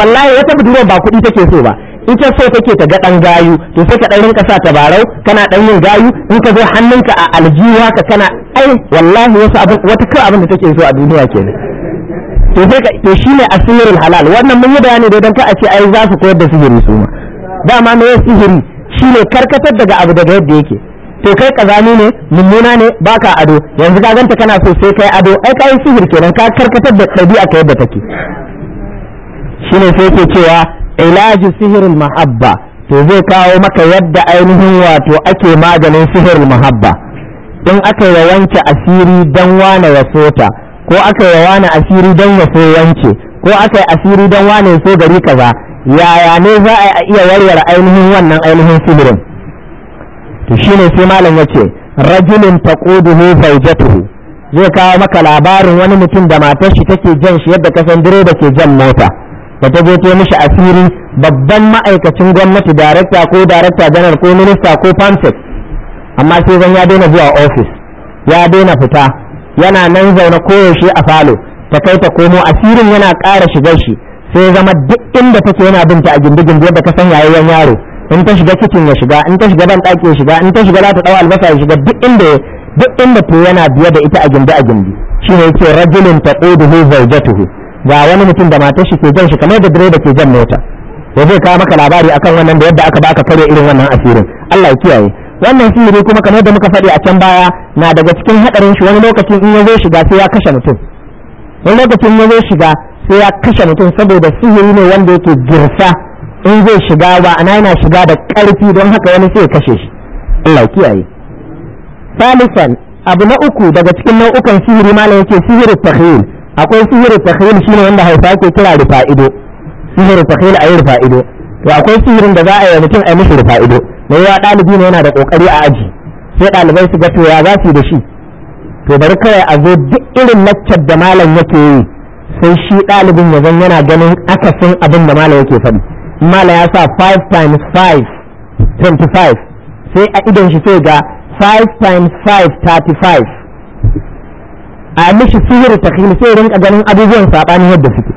S1: wallahi wata budurwa ba kuɗi take so ba In ka so take ta ga dan gayu to sai ka dan rinka sa tabarau kana dan yin gayu in ka zo hannunka a aljihu haka kana ai wallahi wasu abin wata kai abin da take so a duniya kenan to sai ka to shine asirul halal wannan mun yi bayani da dan ka a ce ai za su koyar da sihiri su ma dama me sihiri Shi ne karkatar daga abu daga yadda yake to kai kazani ne mummuna ne baka ado yanzu ka ganta kana so sai kai ado ai kai sihir kenan ka karkatar da ɗabi'a ka yadda take ne sai ke cewa ilaji sihirin mahabba to zai kawo maka yadda ainihin wato ake maganin sihirin mahabba in aka yi wanke asiri dan wane ya sota ko aka yi wane asiri dan ya so wance ko aka yi asiri dan wane ya so gari kaza yaya ne za a iya warware ainihin wannan ainihin sihirin to shine sai malam ya ce rajulin taquduhu zawjatuhu zai kawo maka labarin wani mutum da matar shi take jan shi yadda kasan direba ke jan mota da ta je ta mishi asiri babban ma'aikacin gwamnati darakta ko darakta janar ko minista ko pamphlet amma sai zan ya daina zuwa ofis ya daina fita yana nan zaune koyaushe a falo ta kai ta komo asirin yana ƙara shigar shi sai zama duk inda take yana binta a gindigin yadda ka san yayayen yaro in ta shiga kicin ya shiga in ta shiga ban ɗaki ya shiga in ta shiga za ta ɗau albasa ya shiga duk inda duk inda to yana biye da ita a gindi a gindi ne yake rajulun taquduhu zawjatuhu ga wani mutum da matar shi ke jan shi kamar da direba ke jan mota ya zai kawo maka labari akan wannan da yadda aka baka kare irin wannan asirin Allah ya kiyaye wannan sihiri kuma kamar da muka faɗi a can baya na daga cikin haɗarin shi wani lokacin in ya zo shiga sai ya kashe mutum wani lokacin ya zo shiga sai ya kashe mutum saboda sihiri ne wanda yake girsa in zai shiga ba ana yana shiga da ƙarfi don haka wani sai ya kashe shi Allah kiyaye salisan abu na uku daga cikin nau'ukan sihiri malam yake sihiri takhil akwai sihiri takhil shine wanda hausa yake kira rufa'ido sihiri takhil ayi rufa'ido to akwai sihirin da za a yi mutum a yi mishi rufa'ido mai yawa ɗalibi ne yana da ƙoƙari a aji sai ɗalibai su ga to ya za su da shi to bari kawai a zo duk irin laccar da malam yake yi sai shi ɗalibin ya zan yana ganin akasin abin da mala yake faɗi mala ya sa 5 times 5 25 sai a idon shi sai ga 5 times 5 35 a mishi sihir takhil sai rinka ganin abubuwan saɓanin yadda suke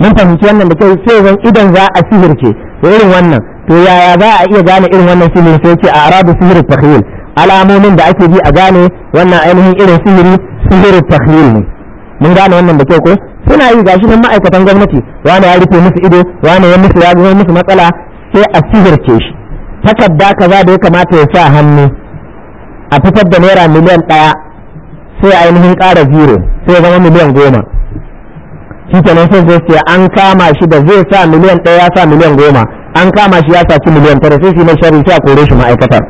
S1: mun fahimci wannan da kai sai zan idan za a sihirce to irin wannan to yaya za a iya gane irin wannan sihir sai ce a arabu sihir takhil alamomin da ake bi a gane wannan ainihin irin sihiri sihir takhil ne mun gane wannan da kyau ko suna yi gashi nan ma'aikatan gwamnati wani ya rufe musu ido wani ya musu ya zama musu matsala sai a sihirce shi takarda kaza da ya kamata ya sa hannu a fitar da naira miliyan ɗaya sai ainihin ƙara zero sai zama miliyan goma shi nan sai zai ce an kama shi da zai sa miliyan ɗaya ya sa miliyan goma an kama shi ya saci miliyan tara sai shi na shari sai a kore shi ma'aikatar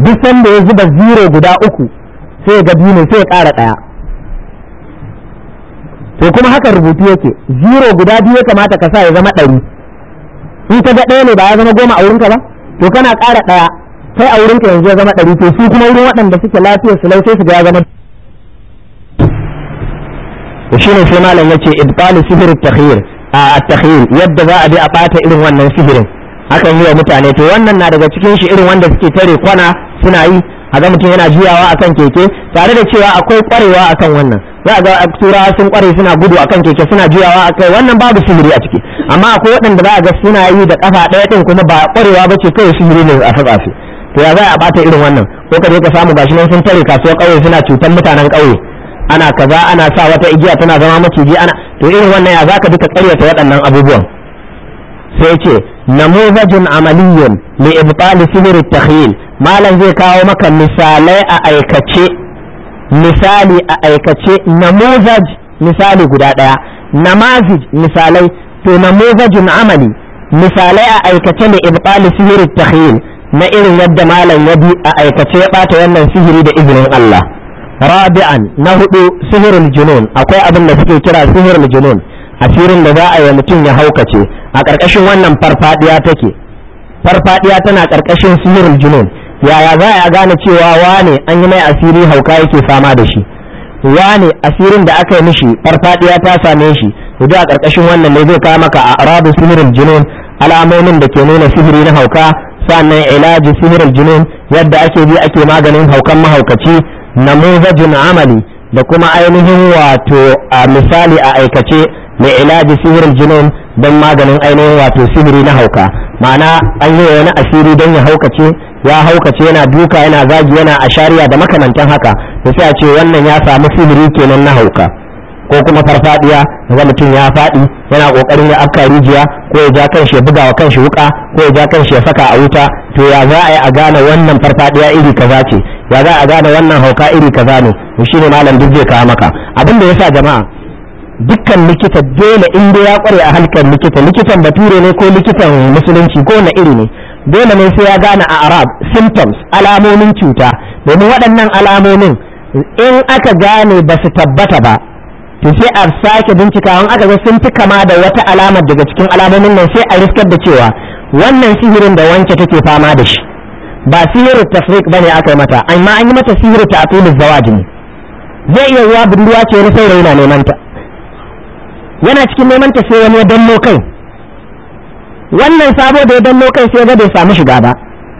S1: duk sanda ya zuba zero guda uku sai ga biyu ne sai ya ƙara ɗaya to kuma haka rubutu yake zero guda biyu ya kamata ka sa ya zama ɗari in ka ga ɗaya ne ba ya zama goma a wurinka ba to kana ƙara ɗaya sai a wurinka yanzu ya zama ɗari to su kuma wurin waɗanda suke lafiyar su laushe su ga ya zama shi ne sai malam ya ce idqalu sihir at a at yadda za a bi a ɓata irin wannan sihirin hakan yi wa mutane to wannan na daga cikin shi irin wanda suke tare kwana suna yi a ga mutum yana juyawa akan keke tare da cewa akwai kwarewa akan wannan za a ga turawa sun kware suna gudu akan keke suna juyawa a kai wannan babu sihiri a ciki amma akwai waɗanda za a ga suna yi da kafa ɗaya ɗin kuma ba kwarewa ba ce kawai sihiri ne a tsafi to ya za a bata irin wannan ko ka je ka samu gashi nan sun tare kasuwar ƙauye suna cutar mutanen ƙauye ana kaza ana sa wata igiya tana zama maciji ana to irin wannan ya za bi duka karyata waɗannan abubuwan sai ce namuzajun amaliyun li ibtali sihri takhyil malam zai kawo maka misalai a aikace misali a aikace namuzaj misali guda daya namazij misalai to namuzajun amali misalai a aikace li ibtali sihri takhyil na irin yadda malam ya bi a aikace ya bata wannan sihiri da izinin Allah rabi'an na hudu sihirul junun akwai abin da suke kira sihirul junun asirin da za a yi mutum ya haukace a ƙarƙashin wannan farfadiya take farfadiya tana ƙarƙashin sirrul junun yaya za a gane cewa wane an yi mai asiri hauka yake fama da shi wane asirin da aka yi mishi farfadiya ta same shi duk a ƙarƙashin wannan ne zai kawo maka a arabu sihirul junun alamomin da ke nuna sihiri na hauka sannan ilaji sihirul junun yadda ake bi ake maganin haukan mahaukaci namuzajin amali da kuma ainihin wato a misali a aikace mai ilaji sihirin jinin don maganin ainihin wato sihiri na hauka ma'ana an yi wani asiri don ya haukace ya haukace yana duka yana zagi yana ashariya da makamantan haka da sai a ce wannan ya samu sihiri kenan na hauka ko kuma farfadiya ga mutum ya faɗi yana kokarin ya afka rijiya ko ya ja kanshi ya buga wa kanshi wuka ko ya ja kanshi ya saka a wuta to ya za a yi a gane wannan farfadiya iri kaza ce ya za a gane wannan hauka iri kaza ne shi shine malam duk zai kawo maka abin da yasa jama'a dukkan likita dole in ya kware a halkar likita likitan bature ne ko likitan musulunci ko na iri ne dole ne sai ya gane a arab symptoms alamomin cuta domin waɗannan alamomin in aka gane ba su tabbata ba to sai a sake bincikawa aka ga sun fi kama da wata alamar daga cikin alamomin nan sai a riskar da cewa wannan sihirin da wanke take fama da shi ba sihirin tafrik ba ne aka yi mata amma an yi mata sihirin ta a atulu zawajin zai iya yiwa budurwa ce wani saurayi na neman ta yana cikin neman ta sai wani ya danno kai wannan sabo da ya danno kai sai ga bai samu shiga ba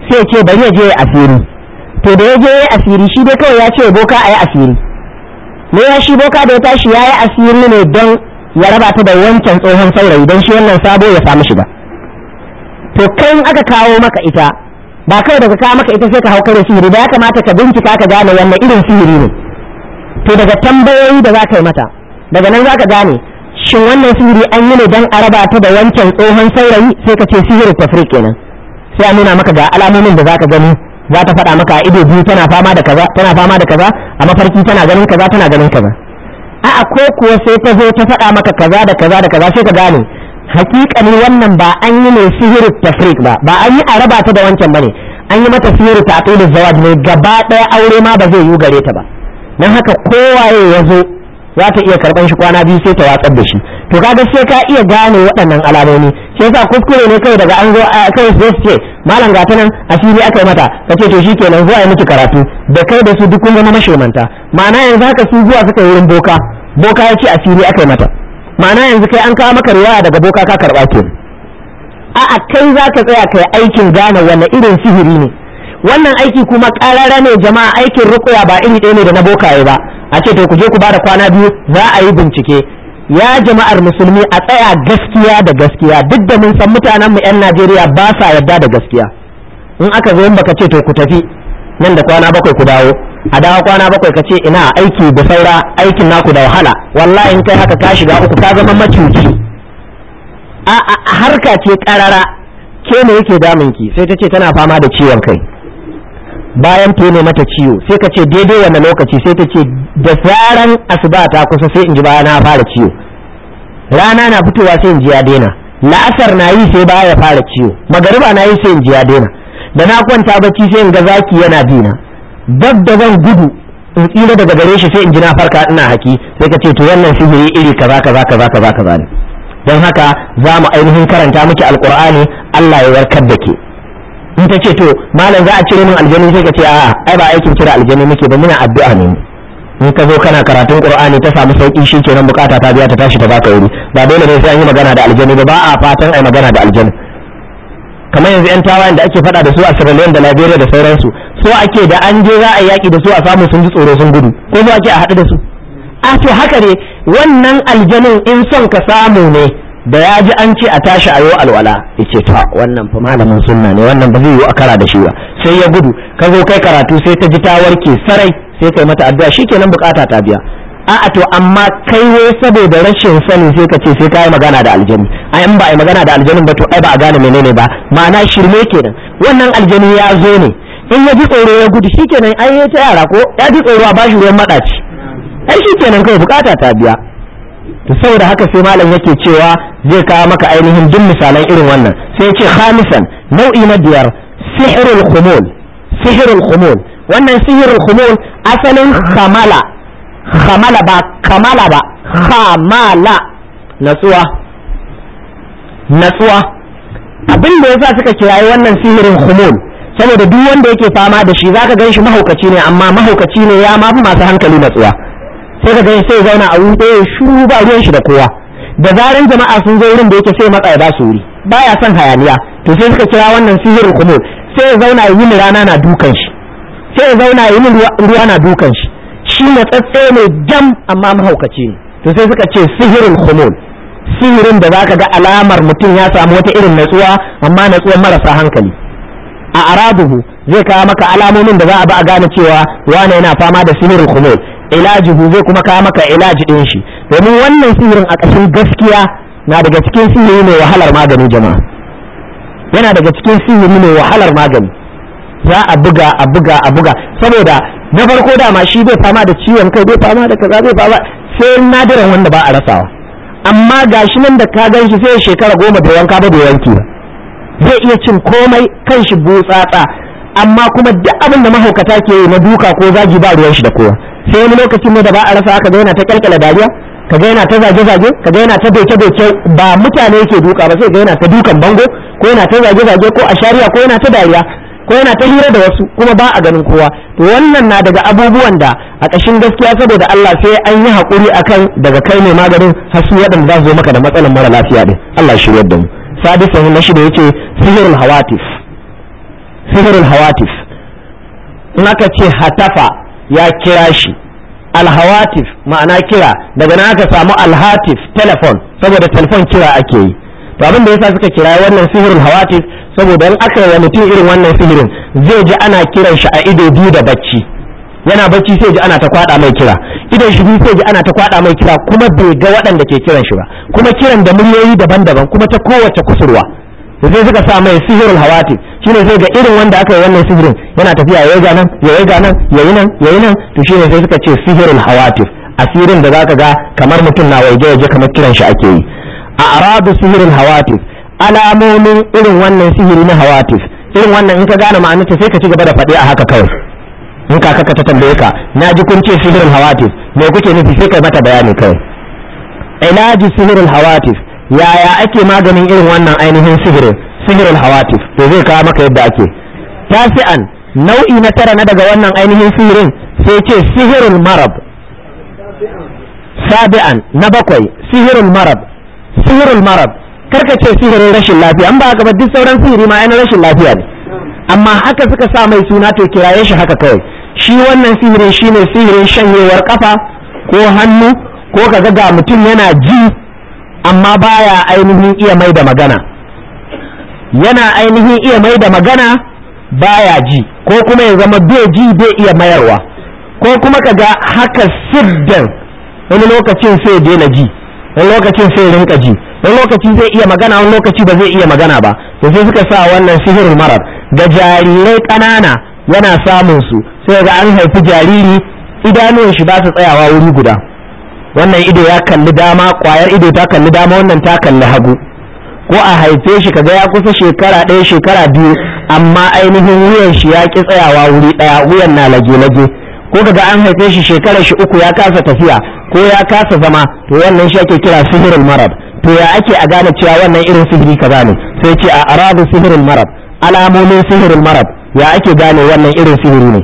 S1: sai ya ce bari ya je ya asiri to da ya je ya asiri shi dai kawai ya ce boka a yi asiri ne ya shi boka da ya tashi ya yi asiri ne don ya raba ta da wancan tsohon saurayi don shi wannan sabo ya samu shiga to kai aka kawo maka ita ba kawai daga kawo maka ita sai ka hau kare sihiri ba ya kamata ka bincika ka gane wannan irin sihiri ne to daga tambayoyi da za ka yi mata daga nan za ka gane shin wannan sihiri an yi ne don a raba ta da wancan tsohon saurayi sai ka ce sihirin tafrik kenan sai a nuna maka ga alamomin da zaka gani za ta faɗa maka ido biyu tana fama da kaza tana fama da kaza a mafarki tana ganin kaza tana ganin kaza a'a ko kuwa sai ta zo ta faɗa maka kaza da kaza da kaza sai ka gane hakikani wannan ba an yi ne sihirin tafrik ba ba an yi a raba ta da wancan bane an yi mata sihirin ta aqilu zawad ne gaba ɗaya aure ma ba zai yi gare ta ba dan haka kowaye ya zo za ta iya karban shi kwana biyu sai ta watsar da shi to kaga sai ka iya gane waɗannan alamomi sai ka kuskure ne kai daga an zo kai sai su ce malam gata nan asiri aka yi mata kace to shi nan zuwa yi miki karatu da kai da su duk kun zama mashemanta ma'ana yanzu haka su zuwa suka yi wurin boka boka ya ce asiri aka yi mata ma'ana yanzu kai an kawo maka riwaya daga boka ka karba ke a'a kai za ka tsaya kai aikin gane wani irin sihiri ne wannan aiki kuma karara ne jama'a aikin rukuya ba iri ɗaya ne da na bokaye ba a ce to ku je ku bada kwana biyu za a yi bincike ya jama'ar musulmi a tsaya gaskiya da gaskiya duk da mun san mutanen mu 'yan Najeriya ba sa yarda da gaskiya in aka zo in baka ce to ku tafi nan da kwana bakwai ku dawo a dawo kwana bakwai ka ce ina aiki da saura aikin naku da wahala wallahi in kai haka ka shiga uku ka zama macuci a harka ce karara ke ne yake damunki sai ta ce tana fama da ciwon kai bayan ne mata ciwo sai ka ce daidai wanda lokaci sai ta ce da zaran asuba ta kusa sai in ji bayan na fara ciwo rana na fitowa sai in ji ya daina la'asar na yi sai baya fara ciwo magariba na yi sai in ji ya daina da na kwanta bacci sai in ga zaki yana bina dab da zan gudu in tsira daga gare shi sai in ji na farka ina haki sai ka ce to wannan sihiri iri kaza kaza kaza kaza kaza ne don haka za mu ainihin karanta miki alkur'ani Allah ya warkar da ke in ta ce to malam za a cire min aljanu sai ka ce a ai ba aikin kira aljanu muke ba muna addu'a ne in ka zo kana karatun qur'ani ta samu sauki shi kenan bukata ta biya ta tashi ta baka wuri ba dole ne sai an yi magana da aljanu ba ba a fatan ai magana da aljanu kamar yanzu yan tawayen da ake fada da su a Sierra Leone da Liberia da sauransu so ake da an je za a yaki da su a samu sun ji tsoro sun gudu ko ba ake a haɗu da su a to haka ne wannan aljanun in son ka samu ne da ya ji an ce a tashi a yau alwala ya ce ta wannan fa malamin sunna ne wannan ba zai yi a kara da shi ba sai ya gudu ka zo kai karatu sai ta ji ta warke sarai sai kai mata addu'a shikenan bukata ta biya a'a to amma kai wai saboda rashin sani sai ka ce sai ka yi magana da aljani ai in ba yi magana da aljani ba to ai ba a gane menene ba ma'ana shirme kenan wannan aljani ya zo ne in ya ji tsoro ya gudu shikenan ai ya ta yara ko ya ji tsoro a bashi ruwan maɗaci. ai shikenan kai bukata ta biya to saboda haka sai malam yake cewa zai kawo maka ainihin duk misalan irin wannan sai ya ce khamisan nau'i na biyar sihirul khumul sihirul khumul wannan sihirul khumul asalin khamala khamala ba kamala ba khamala natsuwa natsuwa abin da yasa suka kirayi wannan sihirin khumul saboda duk wanda yake fama da shi zaka gan shi mahaukaci ne amma mahaukaci ne ya mafi masu hankali natsuwa sai ka gani sai zauna a wuri ya shuru ba ruwan shi da kowa da zaran jama'a sun zo wurin da yake sai matsaya ba su wuri baya son hayaniya to sai suka kira wannan sihirin kuma sai ya zauna ya yi rana na dukan shi sai ya zauna ya yi ruwa na dukan shi shi tsatsa ne jam amma mahaukaci ne to sai suka ce sihirin khumul sihirin da za ka ga alamar mutum ya samu wata irin natsuwa amma natsuwar marasa hankali a arabuhu zai kawo maka alamomin da za a ba a gane cewa wane yana fama da sihirin khumul ilajihu zai kuma kawo maka ilaji ɗin shi domin wannan sihirin a ƙashin gaskiya na daga cikin sihiri mai wahalar magani jama'a yana daga cikin sihiri mai wahalar magani za a buga a buga a buga saboda na farko dama shi bai fama da ciwon kai bai fama da kaza bai fama sai nadiran wanda ba a rasawa amma gashi nan da ka gan shi sai shekara goma da wanka ba da yanki ba zai iya cin komai kan shi butsatsa amma kuma duk abin da mahaukata ke yi na duka ko zagi ba ruwan shi da kowa sai wani lokacin ne da ba a rasa aka ga yana ta kalkala dariya ka ga yana ta zage zage ka ga yana ta doke doke ba mutane yake duka ba sai ga yana ta dukan bango ko yana ta zage zage ko a shariya ko yana ta dariya ko yana ta hira da wasu kuma ba a ganin kowa to wannan na daga abubuwan da a ƙashin gaskiya saboda Allah sai an yi hakuri akan daga kai ne maganin hasu wadanda za su zo maka da matsalan mara lafiya din Allah shi yarda mu sadisan na da yace sihirul hawatif sihirul hawatif in aka ce hatafa ya kira shi alhawatif ma'ana kira daga nan aka samu alhatif telefon saboda telefon kira ake yi to abin da yasa suka kira wannan sihirin hawatif saboda in aka yi mutum irin wannan sihirin zai ji ana kiran shi a ido biyu da bacci yana bacci sai ji ana ta kwada mai kira idan shi sai ji ana ta kwada mai kira kuma bai ga waɗanda ke kiran shi ba kuma kiran da muryoyi daban-daban kuma ta kowace kusurwa sai suka sa mai sihirul hawati shine sai ga irin wanda aka yi wannan sihirin yana tafiya ya ga nan ya nan ya yi nan ya yi nan to shine sai suka ce sihirul hawati asirin da zaka ga kamar mutum na waje waje kamar kiran shi ake yi a arabu sihirul hawati alamomin irin wannan sihiri na hawati irin wannan in ka gane ce sai ka ci gaba da faɗi a haka kawai in kaka ta tambaye ka na ji kun ce sihirul hawati me kuke nufi sai kai mata bayani kawai ilaji sihirul hawati yaya ake maganin irin wannan ainihin sihirin sihirin hawatif to zai kawo maka yadda ake tasi'an nau'i na tara na daga wannan ainihin sihirin sai ce sihirin marab sabi'an na bakwai sihirin marab sihirin marab karka ce sihirin rashin lafiya an ba haka ba duk sauran sihiri ma yana rashin lafiya ne amma haka suka sa mai suna to kiraye shi haka kawai shi wannan sihirin shine sihirin shanyewar kafa ko hannu ko kaga ga mutum yana ji amma baya ainihin iya mai da magana yana ainihin iya mai da magana baya ji ko kuma ya zama bai ji bai iya mayarwa ko kuma kaga haka siddan wani lokacin sai daina ji wani lokacin sai rinka ji wani lokaci zai iya magana wani lokaci ba zai iya magana ba to sai suka sa wannan sihirin marar ga jarirai ƙanana yana samun su sai ga an haifi jariri idanuwan shi ba su tsayawa wuri guda wannan ido ya kalli dama kwayar ido ta kalli dama wannan ta kalli hagu ko a haife shi kaga ya kusa shekara ɗaya shekara biyu amma ainihin wuyan shi ya ki tsayawa wuri ɗaya wuyan na lage-lage ko kaga an haife shi shekarar shi uku ya kasa tafiya ko ya kasa zama to wannan shi ake kira sihirul marab to ya ake a gane cewa wannan irin sihiri kaza ne sai ce a arabu sihirul marab alamomin sihirul marab ya ake gane wannan irin sihiri ne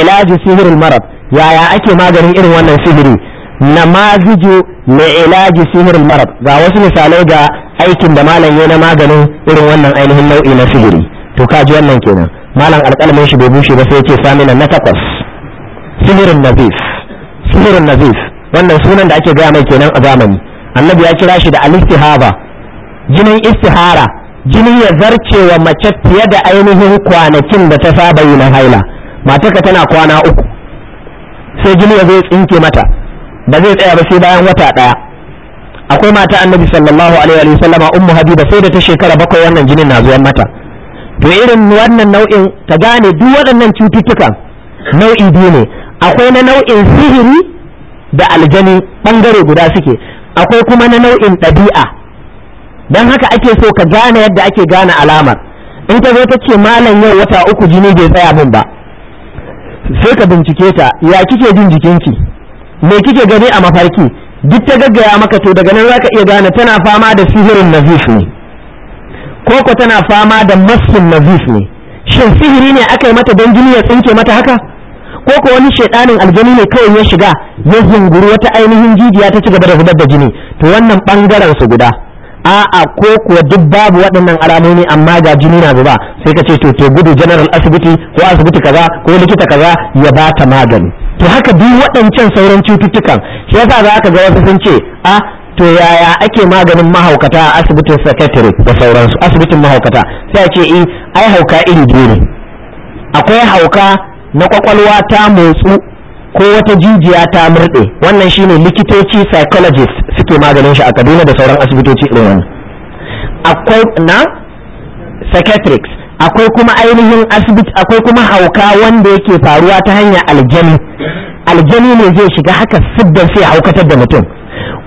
S1: ilaji sihirul marab yaya ake maganin irin wannan sihiri Na namazijo na ilaji sihirin marab ga wasu misalai ga aikin da malam ya na maganin irin wannan ainihin nau'i na sihiri to kaji wannan kenan malam alƙalmin shi bai bushe ba sai ce samina na takwas sihirin nazif sihirin nazif wannan sunan da ake gaya mai kenan a zamani annabi ya kira shi da alistihaba jinin istihara jinin ya zarce wa mace fiye da ainihin kwanakin da ta saba yi na haila matarka tana kwana uku sai jini ya zo tsinke mata ba zai tsaya ba sai bayan wata ɗaya akwai mata annabi sallallahu alaihi wa sallam ummu habiba sai da ta shekara bakwai wannan jinin na zuwan mata to irin wannan nau'in ta gane duk waɗannan cututtukan nau'i biyu ne akwai na nau'in sihiri da aljani bangare guda suke akwai kuma na nau'in ɗabi'a dan haka ake so ka gane yadda ake gane alamar in ta zo ta ce malam yau wata uku jini bai tsaya min ba sai ka bincike ta ya kike jin jikinki me kike gani a mafarki duk ta gaggaya maka to daga nan zaka iya gane tana fama da sihirin nazif ne koko tana fama da massin nazif ne shin sihiri ne aka yi mata don jini ya tsinke mata haka ko ko wani shaidanin aljani ne kawai ya shiga ya zunguri wata ainihin jijiya ta ci gaba da zubar da jini to wannan bangaren su guda a'a ko kuwa duk babu waɗannan alamomi amma ga jini na zuba sai ka ce to to gudu general asibiti ko asibiti kaza ko likita kaza ya ba ta magani to haka duk waɗancan sauran cututtukan shi yasa za ka ga wasu sun ce a to yaya ake maganin mahaukata a asibitin secretary da sauransu asibitin mahaukata sai a ce in eh, ai hauka iri biyu ne akwai hauka na kwakwalwa ta motsu ko wata jijiya ta murɗe wannan shine likitoci psychologist suke maganin shi a kaduna da sauran asibitoci irin wannan akwai na psychiatrics akwai kuma ainihin asibiti akwai kuma hauka wanda yake faruwa ta hanyar aljani aljani ne zai shiga haka siddan sai haukatar da mutum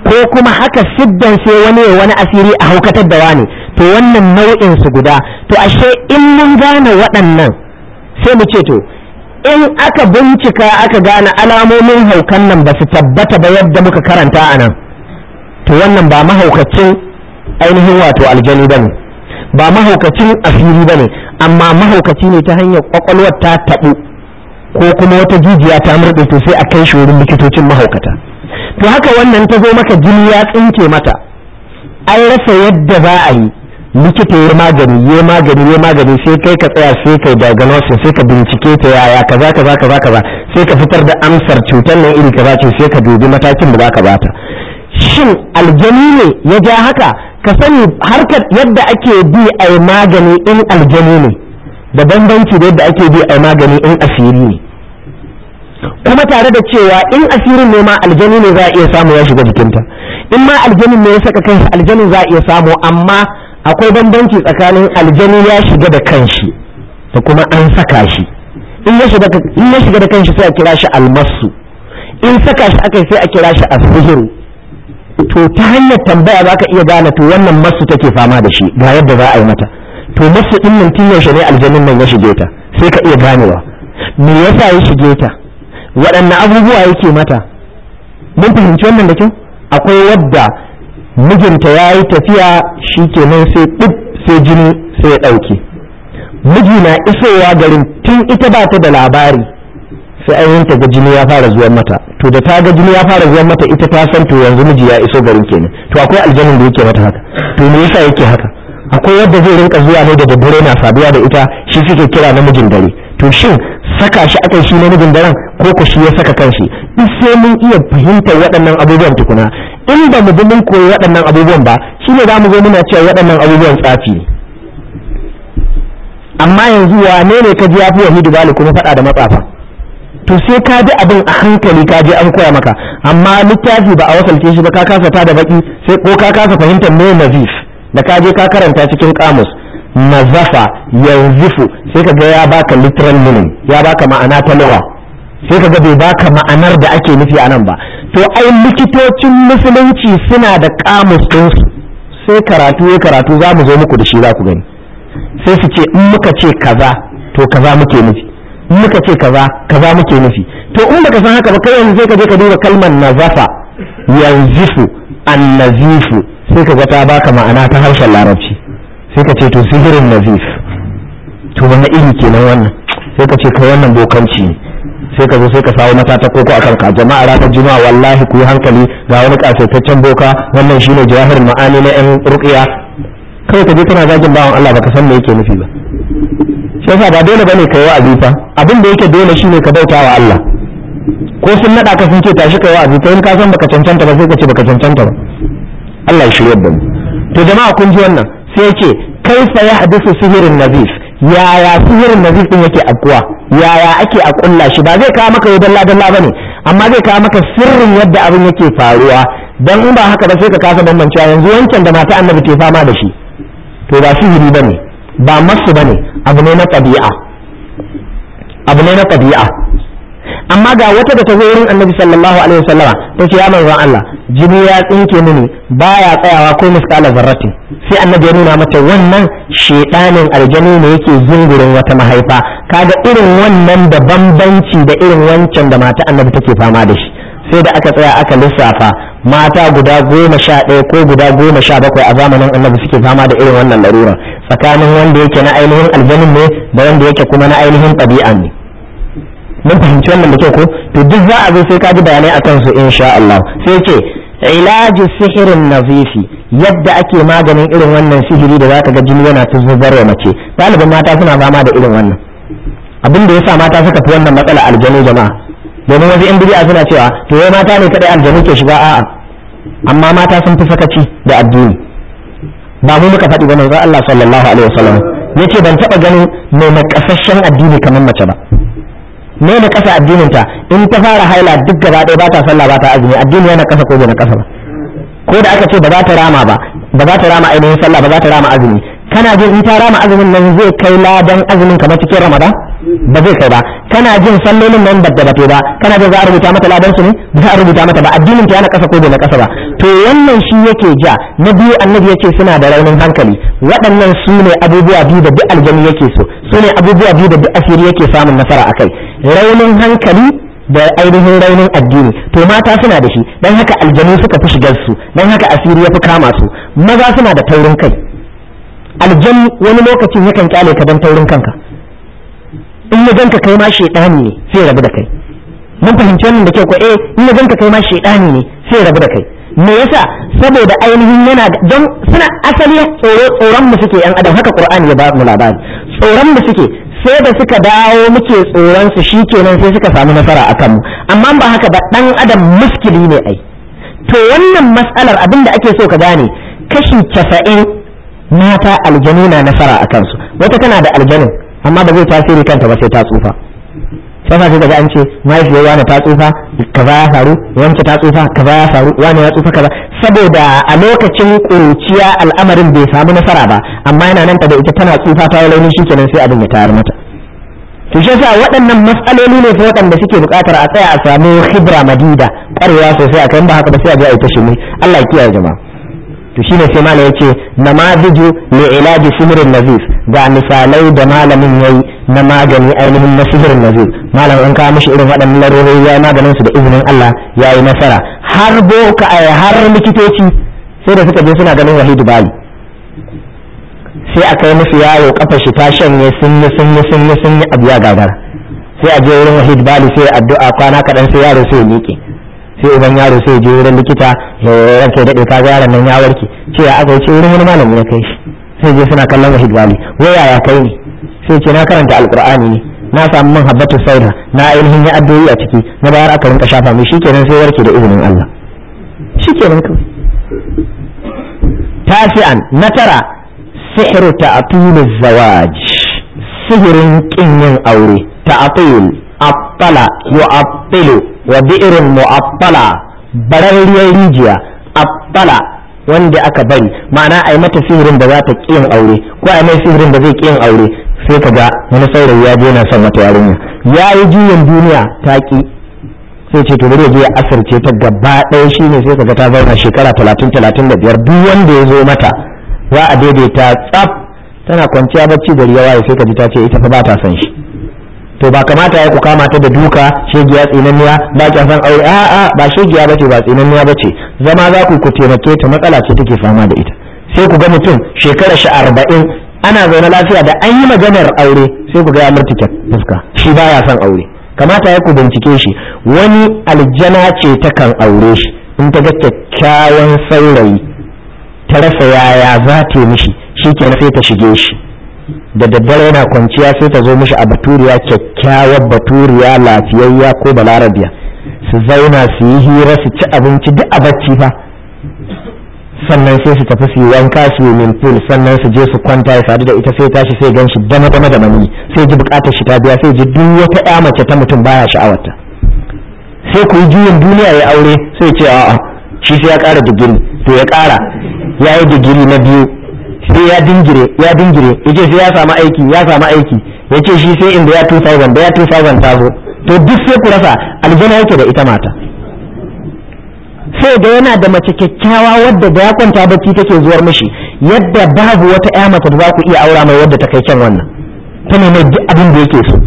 S1: ko kuma haka siddan sai wani ya wani asiri a haukatar da wani to wannan nau'in su guda to ashe in mun gane waɗannan sai mu ce to in aka bincika aka gane alamomin haukan nan ba su tabbata ba yadda muka karanta a nan to wannan ba mahaukacin ainihin wato aljani ba ne ba mahaukacin asiri ba ne amma mahaukaci ne ta hanyar kwakwalwar ta taɓo ko kuma wata jijiya ta murɗe to sai a kai shi wurin likitocin mahaukata to haka wannan ta zo maka jini ya tsinke mata an rasa yadda za a yi likita ya magani ya magani ya magani sai kai ka tsaya sai kai diagnosis sai ka bincike ta yaya kaza kaza kaza kaza sai ka fitar da amsar cutar nan iri kaza ce sai ka dubi matakin da za ka bata shin aljani ne ya ja haka ka sani harkar yadda ake bi a magani in aljani ne da bambanci da yadda ake bi a yi magani in asiri ne kuma tare da cewa in asirin ne ma aljani ne za a iya samu ya shiga jikinta in ma aljanin ne ya saka kansa aljani za a iya samu amma akwai bambanci tsakanin aljani ya shiga da kanshi da kuma an saka shi in ya shiga da kanshi sai a kira shi almasu in saka shi aka sai a kira shi asihiru to ta hanyar tambaya za ka iya gane to wannan masu take fama da shi ga yadda za a yi mata to masu din nan tun yaushe ne aljannin nan ya shige ta sai ka iya ganewa me yasa ya shige ta waɗanne abubuwa yake mata mun fahimci wannan da kyau akwai wadda mijinta ya yi tafiya shi kenan sai duk sai jini sai ya ɗauke miji na isowa garin tun ita ba ta da labari sai an ta ga jini ya fara zuwan mata to da ta ga jini ya fara zuwan mata ita ta san to yanzu miji ya iso garin kenan to akwai aljanin da yake mata haka to me yasa yake haka akwai yadda zai rinka zuwa ne da daddare na saduwa da ita shi suke kira namijin dare to shin saka shi akan shi mijin daren ko ku shi ya saka kanshi in sai mun iya fahimtar waɗannan abubuwan tukuna in ba mu bi mun koyi waɗannan abubuwan ba shi ne za mu zo muna cewa waɗannan abubuwan tsafi ne amma yanzu wane ne ka ji ya fi wahidu bali kuma faɗa da matsafa to sai ka bi abin a hankali ka je an koya maka amma littafi ba a wasalce shi ba ka kasa ta da baki sai ko ka kasa fahimtar me nazif da ka je ka karanta cikin kamus nazafa yanzifu sai ka ga ya baka literal meaning ya baka ma'ana ta sai ka ga bai baka ma'anar da ake nufi a nan ba to ai likitocin musulunci suna da kamus su sai karatu ya karatu za mu zo muku da shi za ku gani sai su ce in muka ce kaza to kaza muke nufi muka ce kaza kaza muke nufi to in baka san haka ba kai yanzu ka je ka duba kalmar nazafa yanzifu annazifu sai ka ga ta baka ma'ana ta harshen larabci sai ka ce to sihirin nazif to wani iri kenan wannan sai ka ce kai wannan bokanci ne sai ka zo sai ka sawo mata ta koko akan ka jama'a ranar juma'a wallahi ku yi hankali ga wani kasaitaccen boka wannan shine jahir ma'ani na yan ruqiya kai ka je kana zagin bawon Allah baka san me yake nufi ba yasa ba dole bane kai wa azifa abin da yake dole shine ka bauta wa Allah ko sun nada ka sun ce tashi kai wa azifa in ka san baka cancanta ba sai ka ce baka cancanta ba Allah ya shirye da mu to jama'a kun ji wannan sai yake kaifa hadisu sihirun nazif yaya sihirin nazif din yake afkuwa yaya ake a kulla shi ba zai kawo maka dalla dalla bane amma zai kawo maka sirrin yadda abin yake faruwa dan in ba haka ba sai ka kasa bambanci yanzu wancan da mata annabi ke fama da shi to ba sihiri bane ba masu bane abu ne na ɗabi'a abu ne na ɗabi'a amma ga wata da ta zo wurin annabi sallallahu alaihi wasallama ta ce ya manzon Allah jini ya tsinke mini baya tsayawa ko misalan zarrati sai annabi ya nuna mata wannan shedanin aljanu ne yake zungurin wata mahaifa kaga irin wannan da bambanci da irin wancan da mata annabi take fama da shi sai da aka tsaya aka lissafa mata guda goma sha ɗaya ko guda goma sha bakwai a zamanin annabi suke fama da irin wannan larura tsakanin wanda yake na ainihin aljanin ne da wanda yake kuma na ainihin ɗabi'a ne mun fahimci wannan da ke ko to duk za a zo sai ka ji bayanai akan su insha Allah sai ce ilaji sihirin nazifi yadda ake maganin irin wannan sihiri da zaka ga jini yana zubar wa mace ɗaliban mata suna fama da irin wannan abin da ya sa mata suka fi wannan matsala aljanu jama'a domin wasu yan bid'a suna cewa to wai mata ne kadai aljanu ke shiga a'a amma mata sun fi sakaci da addini ba mu muka faɗi ba manzon Allah sallallahu alaihi wasallam yace ban taba ganin mai makasashen addini kamar mace ba me na kasa addinin ta in ta fara haila duk gaba ɗaya ba ta sallah ba ta azumi addini yana kasa ko bai na kasa ba ko da aka ce ba za ta rama ba ba za ta rama ainihin sallah ba za ta rama azumi kana jin in ta rama azumin nan zai kai ladan azumin kamar cikin ramadan ba zai kai ba kana jin sallolin nan da ba ba kana jin za a rubuta mata ladan su ne ba za a rubuta mata ba addinin ta yana kasa ko bai na kasa ba to wannan shi yake ja na biyu annabi yace suna da raunin hankali waɗannan su ne abubuwa biyu da duk aljani yake so su ne abubuwa biyu da duk asiri yake samun nasara a kai raunin hankali da ainihin raunin addini to mata suna da shi don haka aljanu suka fi shigar su don haka asiri ya fi kama su maza suna da taurin kai aljan wani lokacin yakan kyale ka dan taurin kanka in ya ganka kai ma shedani ne sai rabu da kai mun fahimci wannan da kyau ko eh in ya ganka kai ma shedani ne sai rabu da kai me yasa saboda ainihin yana don suna asali tsoro tsoron mu suke yan adam haka qur'ani ya ba mu labari tsoron mu suke sai da suka dawo muke tsoron su shikenan sai suka samu nasara akan mu amma ba haka ba dan adam muskili ne ai to wannan matsalar abinda ake so ka gane kashi casa'in mata aljanu na nasara a kansu wata tana da aljanin amma ba zai tasiri kanta ba sai ta tsufa sai ka daga an ce mahaifiyar wani ta tsufa kaza ya faru wance ta tsufa kaza ya faru wani ya tsufa kaza saboda a lokacin ƙuruciya al'amarin bai samu nasara ba amma yana nan ta da ita tana tsufa ta yi launi kenan sai abin ya tayar mata to shi sa waɗannan matsaloli ne fa waɗanda suke buƙatar a tsaya a samu hibra madida ƙwarewa sosai akan ba haka ba sai a je ita yi ta Allah ya kiyaye jama'a to shine sai malam yace namaziju li ilaji sihrin nazif ga misalai da malamin yayi na magani ainihin na sihrin nazif malam an kawo mishi irin waɗannan larurai ya maganin su da izinin Allah ya yi nasara har boka eh, har likitoci sai da suka je suna ganin wahidu bali sai a kai musu yaro kafa shi ta shanye sun yi sun yi sun yi sun yi abu ya gagara sai a je wurin wahid bali sai addu'a kwana kaɗan sai yaro sai ya miƙe sai uban yaro sai je wurin likita da ke daɗe ka ga yaron nan ya warke ce ya aka ce wurin wani malami ya kai shi sai je suna kallon wahid wali wai yaya kai ne sai ce na karanta alqur'ani ne na samu man habbatu sauda na ainihin ya addu'o'i a ciki na bayar aka rinka shafa mai shikenan sai warke da izinin Allah shikenan kawai tasi'an na tara sihiru ta'tulu zawaj sihirin kin yin aure ta'atul appala yu'appilu wa bi'run mu'appala bararriyar rijiya appala wanda aka bari ma'ana ai mata sihirin da za ta kiyin aure ko ai mai sihirin da zai kiyin aure sai ka ga wani saurayi ya je yana son mata yarinya ya yi juyin duniya ta ki sai ce to bari ya je asirce ta gaba ɗaya shine sai ka ga ta zauna shekara talatin talatin da biyar duk wanda ya zo mata za a daidaita tsaf tana kwanciya bacci gari ya waye sai ka ji ta ce ita fa ba ta san shi to ba kamata ya ku kama ta da duka shegiya tsinanniya ba kya san aure a a ba shegiya bace ba tsinanniya bace zama za ku ku taimake ta matsala ce take fama da ita sai ku ga mutum shekara shi arba'in ana zaune lafiya da an yi maganar aure sai ku ga ya murtike fuska shi ya son aure kamata ya ku bincike shi wani aljana ce ta kan aure shi in ta ga kyakkyawan saurayi ta rasa yaya za ta yi mishi shi kenan sai ta shige shi da daddare yana kwanciya sai ta zo mishi a baturiya kyakkyawar baturiya lafiyayya ko balarabiya su zauna su yi hira su ci abinci duk a bacci fa sannan sai su tafi su yi wanka su yi min sannan su je su kwanta ya sadu da ita sai tashi sai gan shi dama dama da mani sai ji bukatar shi ta biya sai ji duk wata ya mace ta mutum baya sha'awarta sai ku yi juyin duniya ya aure sai ce a'a shi sai ya kara digiri to ya kara ya yi digiri na biyu sai ya dingire ya dingire yace sai ya samu aiki ya samu aiki yace shi sai inda ya 2000 da ya 2000 ta zo to duk sai ku rasa aljanna yake da ita mata sai da yana da mace kyakkyawa wadda da ya kwanta bacci take zuwar mishi yadda babu wata ya mata da za ku iya aura mai wadda ta kai kyan wannan tana mai duk abin da yake so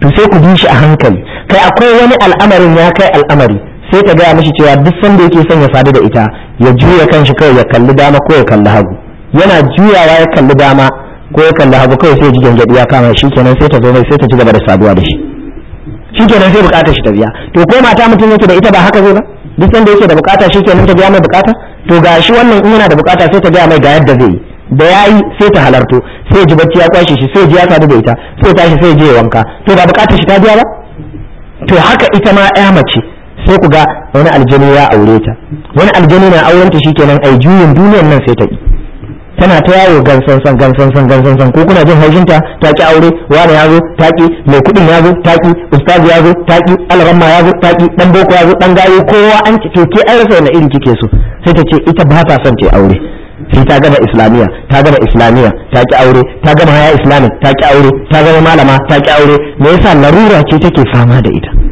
S1: to sai ku bi shi a hankali kai akwai wani al'amarin ya kai al'amari sai ka gaya mishi cewa duk sanda yake son ya sadu da ita ya juya kan shi kawai ya kalli dama ko ya kalli hagu yana juyawa ya kalli dama ko ya kalli hagu kawai sai ji gyangyaɗi ya kama shi kenan sai ta zo mai sai ta ci gaba da saduwa da shi shi kenan sai bukata shi ta biya to ko mata mutum yake da ita ba haka zai ba duk sanda yake da bukata shi kenan ta biya mai bukata to ga shi wannan in yana da bukata sai ta biya mai ga yadda zai yi da ya yi sai ta halarto sai ji bacci ya kwashe shi sai ji ya sadu da ita sai tashi sai je wanka to ba bukatar shi ta biya ba to haka ita ma ya mace sai ku ga wani aljani ya aure ta wani aljani na auren ta shikenan ai juyin duniyar nan sai ta yi tana ta yawo gansansan gansansan gansansan ko kuna jin haushinta ta ki aure wani ya zo ta ki mai kuɗin ya zo ta ki ustazi ya zo ta ki alaramma ya zo ta ki dan boko ya zo dan gayo kowa an ki ke an rasa wani iri kike so sai ta ce ita ba ta son ta aure sai ta gama islamiya ta gama islamiya ta ki aure ta gama haya islamin ta ki aure ta gama malama ta ki aure me yasa larura ce take fama da ita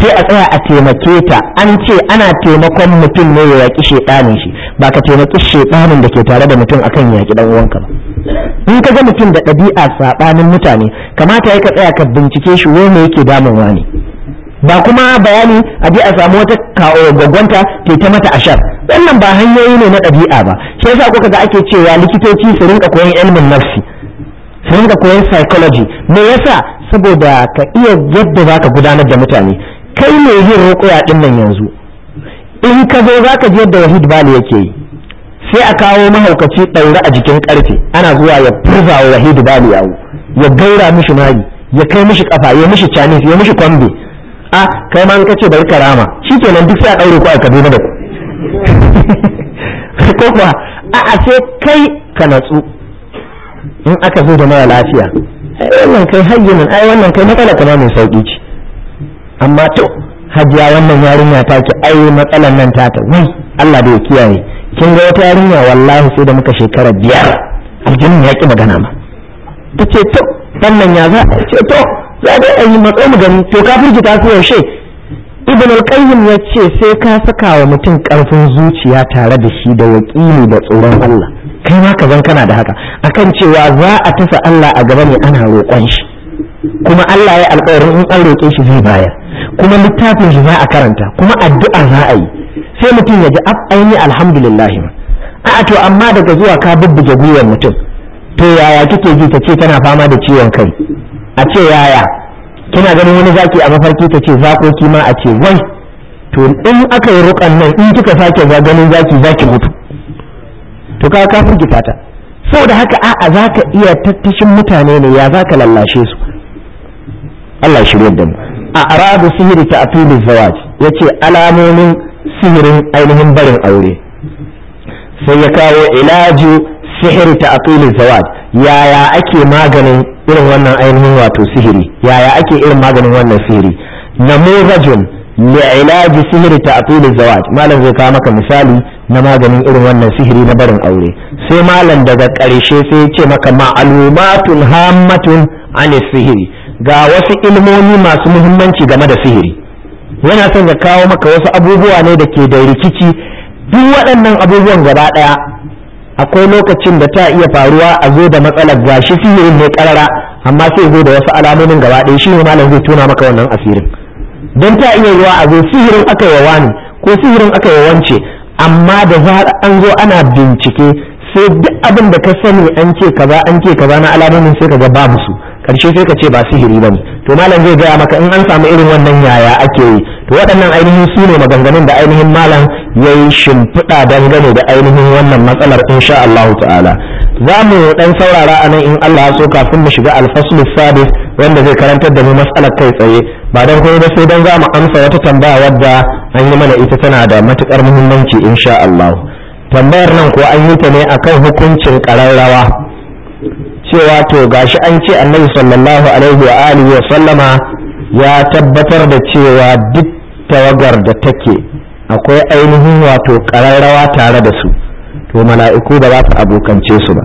S1: sai a tsaya a taimake ta an ce ana taimakon mutum ne ya yaƙi shaiɗanin shi ba ka taimaki shaiɗanin da ke tare da mutum akan yaƙi dan uwanka ba in ka ga mutum da ɗabi'a saɓanin mutane kamata ya ka tsaya ka bincike shi wai me yake damun wani ba kuma bayani a je a samu wata gwagwanta ke ta mata ashar wannan ba hanyoyi ne na ɗabi'a ba sai sa kuka ga ake cewa likitoci su rinka koyon ilmin nafsi su rinka koyon psychology me yasa saboda ka iya yadda za ka gudanar da mutane kai ne yin rukuya din nan yanzu in ka zo zaka je da wahid bali yake yi sai a kawo mahaukaci ɗaure a jikin karfe ana zuwa ya furza wa wahid bali yawo ya gaura mishi mari ya kai mishi kafa ya mishi canis ya mishi kwambe a ah, kai ma ka ce bari karama shikenan duk sai a daure ku a kaduna da ku ko kuwa a a sai kai ka natsu in aka zo da mara lafiya ai wannan kai hayyinan ai wannan kai matsala kuma mai sauki ce amma to hajiya wannan yarinya ta ki ai matsalan nan ta ta wai Allah da ya kiyaye kin ga wata yarinya wallahi sai da muka shekara biyar aljinin ya ki magana ma ta ce to wannan ya za a ce to za a yi matso mu gani to ka ta ko yaushe ibn al-qayyim ya ce sai ka saka wa mutum karfin zuciya tare da shi da yaƙini da tsoron Allah kai ma ka zan kana da haka akan cewa za a tafi Allah a gaba ne ana roƙon shi kuma Allah ya alƙawarin in an roƙe shi zai bayar kuma littafin shi za a karanta kuma addu'a za a yi sai mutum ya ji af aini alhamdulillah a to amma daga zuwa ka bubbuge gwiwar mutum to yaya kike ji ta ce tana fama da ciwon kai a ce yaya kina ganin wani zaki a mafarki ta ce zakoki ma a ce wai to in aka yi rukan nan in kika sake ga ganin zaki zaki mutu to ka ka firgita ta saboda haka a'a zaka iya tattashin mutane ne ya zaka lallashe su Allah shirye da mu a arabu sihiri ta atulu zawaj yace alamomin sihirin ainihin barin aure sai ya kawo ilaju sihiri ta atulu zawaj yaya ake maganin irin wannan ainihin wato sihiri yaya ake irin maganin wannan sihiri namurajun ilaji sihiri ta atulu zawaj malam zai kawo maka misali na maganin irin wannan sihiri na barin aure sai malam daga karshe sai ya ce maka ma'alumatun hammatun anis sihiri ga wasu ilmomi masu muhimmanci game da sihiri yana son ya kawo maka wasu abubuwa ne da ke da rikici duk waɗannan abubuwan gaba ɗaya akwai lokacin da ta iya faruwa a zo da matsalar gashi sihirin ne karara amma sai zo da wasu alamomin gaba ɗaya shi ne malam zai tuna maka wannan asirin don ta iya ruwa a zo sihirin aka yi wa ko sihirin aka yi wance amma da za an zo ana bincike sai duk abin da ka sani an ce kaza an ce kaza na alamomin sai ka ga babu su karshe sai ka ce ba sihiri ba ne to malam zai gaya maka in an samu irin wannan yaya ake yi to waɗannan ainihin su ne maganganun da ainihin malam ya yi shimfiɗa dangane da ainihin wannan matsalar insha Allah ta'ala za mu ɗan saurara a nan in Allah ya so kafin mu shiga alfaslu sadis wanda zai karantar da mu matsalar kai tsaye ba don kuma ba sai don za mu amsa wata tambaya wadda an yi mana ita tana da matukar muhimmanci insha Allah tambayar nan ko an yi ta ne akan hukuncin ƙararrawa cewa to gashi an ce annabi sallallahu alaihi wa alihi wa sallama ya tabbatar da cewa duk tawagar da take akwai ainihin wato ƙararrawa tare da su to mala'iku ba za su abokance su ba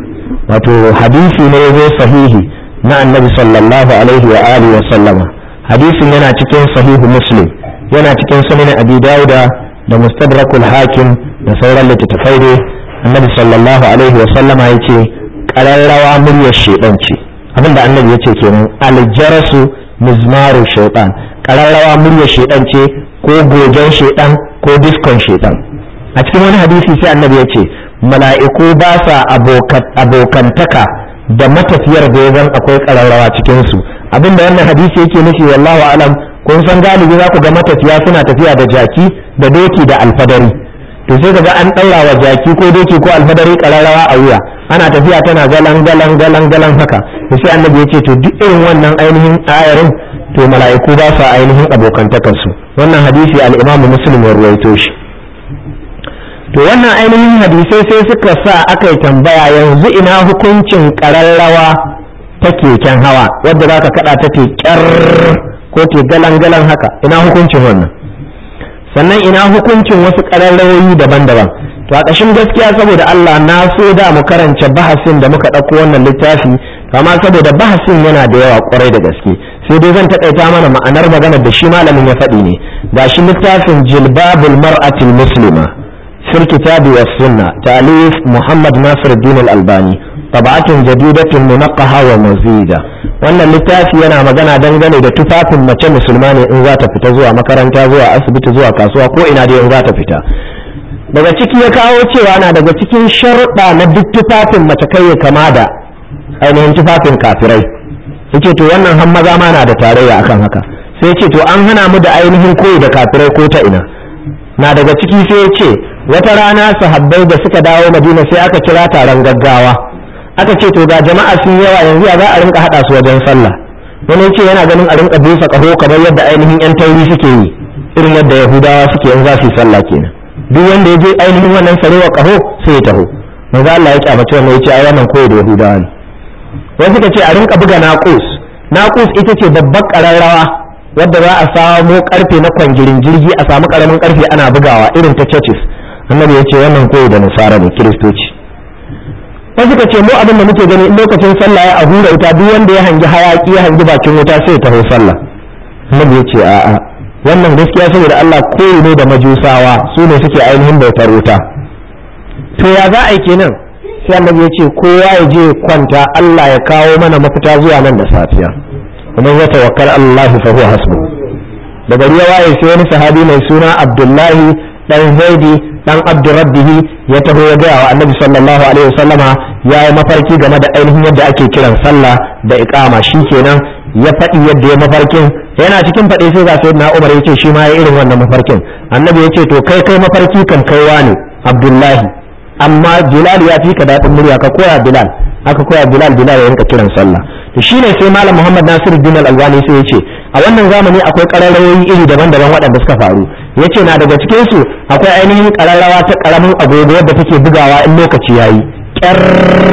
S1: wato hadisi ne zai sahihi na annabi sallallahu alaihi wa alihi wa sallama hadisin yana cikin sahihu muslim yana cikin sunan abi dauda da mustadrakul hakim da sauran littattafai dai annabi sallallahu alaihi wa sallama yace ƙararrawa muryar shaiɗan ce abinda annabi ya ce kenan aljarasu mizmaru shaiɗan ƙararrawa muryar shaiɗan ce ko gogen shaiɗan ko diskon shaiɗan a cikin wani hadisi sai annabi ya ce mala'iku ba sa abokantaka da matafiyar da ya zan akwai ƙararrawa cikinsu abinda wannan hadisi yake nufi wallahu alam kun san galibi za ku ga matafiya suna tafiya da jaki da doki da alfadari to sai ga an ɗaura wa jaki ko doki ko alfadari ƙararrawa a wuya ana tafiya tana galan galan galan galan haka to sai annabi ya ce to duk irin wannan ainihin ayarin to mala'iku ba su ainihin abokantakar su wannan hadisi al-Imam Muslim ya ruwaito shi to wannan ainihin hadisai sai suka sa aka yi tambaya yanzu ina hukuncin kararrawa ta keken hawa wadda za ka kada ta ke ko ta galan galan haka ina hukuncin wannan sannan ina hukuncin wasu kararrawoyi daban-daban to a ƙashin gaskiya saboda Allah na so da mu karance bahasin da muka ɗauko wannan littafi amma saboda bahasin yana da yawa ƙwarai da gaske sai dai zan taƙaita mana ma'anar maganar da shi malamin ya faɗi ne ga shi littafin jilbabul mar'atil muslima fil kitabi was sunna ta'lif muhammad nasiruddin al-albani tabatun jadidatun munaqqaha wa mazida wannan littafi yana magana dangane da tufafin mace musulma ne in za ta fita zuwa makaranta zuwa asibiti zuwa kasuwa ko ina dai in za ta fita daga ciki ya kawo cewa na daga cikin sharuɗa na duk tufafin mace kai ya kama da ainihin tufafin kafirai yace to wannan har maza ma na da tarayya akan haka sai yace to an hana mu da ainihin koyi da kafirai ko ta ina na daga ciki sai ya ce wata rana sahabbai da suka dawo madina sai aka kira taron gaggawa aka ce to ga jama'a sun yawa yanzu ya za a rinka haɗa su wajen sallah wani ce yana ganin a rinka busa ƙaho kamar yadda ainihin 'yan tauri suke yi irin yadda yahudawa suke yanzu za su yi sallah kenan duk wanda ya je ainihin wannan sarewa kaho sai ya taho manzo Allah ya kyamace ya ce ai wannan koyo da Yahudawa ne wasu suka ce a rinka buga naqus naqus ita ce babbar kararrawa wadda za a samu karfe na kwangirin jirgi a samu karamin karfe ana bugawa irin ta churches annabi ce wannan koyo da nasara ne kiristoci wasu suka ce mu abin da muke gani lokacin sallah ya a hura wuta duk wanda ya hangi hayaki ya hangi bakin wuta sai ya taho sallah annabi ce a'a wannan gaskiya saboda Allah koyi ne da majusawa su ne suke ainihin bautar wuta to ya za a yi kenan sai Allah ya ce kowa ya je kwanta Allah ya kawo mana mafita zuwa nan da safiya kuma ya tawakkal Allah fa huwa hasbu da gari ya sai wani sahabi mai suna Abdullahi dan Zaidi dan Abdurrabbih ya taho ya gaya annabi sallallahu alaihi wasallama ya yi mafarki game da ainihin yadda ake kiran sallah da iqama shikenan ya faɗi yadda ya mafarkin yana cikin faɗe sai ga sayyidina ya yace shi ma ya irin wannan mafarkin annabi yace to kai kai mafarki kan kaiwa ne Abdullahi amma Bilal ya fi ka daɗin murya ka koya Bilal aka koya Bilal Bilal ya rinka kiran sallah to shine sai malam Muhammad Nasiru Din Al-Albani sai ce a wannan zamani akwai kararrawoyi iri daban-daban waɗanda suka faru yace na daga cikin su akwai ainihin kararrawa ta karamin agogo wadda take bugawa in lokaci yayi kyar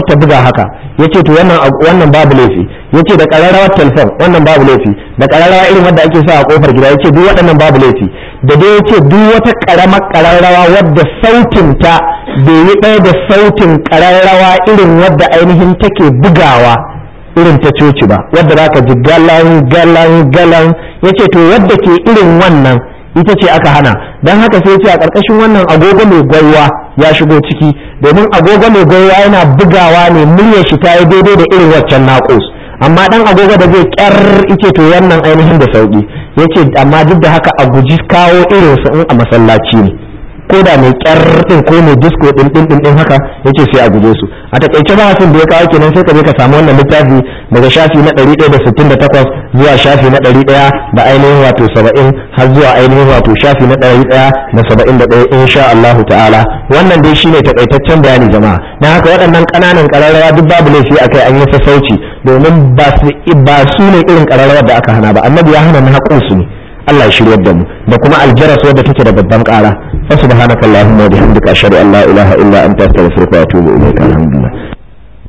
S1: ta buga haka ya ce to wannan babu laifi ya ce da ƙararrawa telefon wannan babu laifi da kararrawa irin wadda ake sa a kofar gida ya ce duk waɗannan babu laifi da dai ya ce duk wata karamar kararrawa wadda sautin ta bai yi ɗaya da sautin kararrawa irin wadda ainihin take bugawa irin ta coci ba wadda za ka ji galan galan galan ya ce to wadda ke irin wannan ita ce aka hana don haka sai ce a ƙarƙashin wannan agogo mai gwaiwa ya shigo ciki domin agogo mai goyo yana bugawa ne muryar shi ta yi daidai da irin waccan naƙus amma dan agogo da zai kyar ike to wannan ainihin da sauki yace amma duk da haka a guji kawo irin in a masallaci ne ko da mai kyarɗin ko mai disko ɗin ɗin ɗin haka yace sai a guje su a takaice bahasin da ya kawo kenan sai ka je ka samu wannan littafi daga shafi na ɗari ɗaya da sittin da takwas zuwa shafi na ɗari ɗaya da ainihin wato saba'in har zuwa ainihin wato shafi na ɗari ɗaya da saba'in da ɗaya insha Allah ta'ala wannan dai shine takaitaccen bayani jama'a na haka waɗannan ƙananan ƙararrawa duk babu laifi a kai an yi sassauci domin ba su ne irin ƙararrawar da aka hana ba annabi ya hana na su ne Allah ya shiryar da mu da kuma aljaras wadda take da babban ƙara fa subhanakallahumma wa bihamdika ashhadu an la ilaha illa anta astaghfiruka wa atubu ilaik alhamdulillah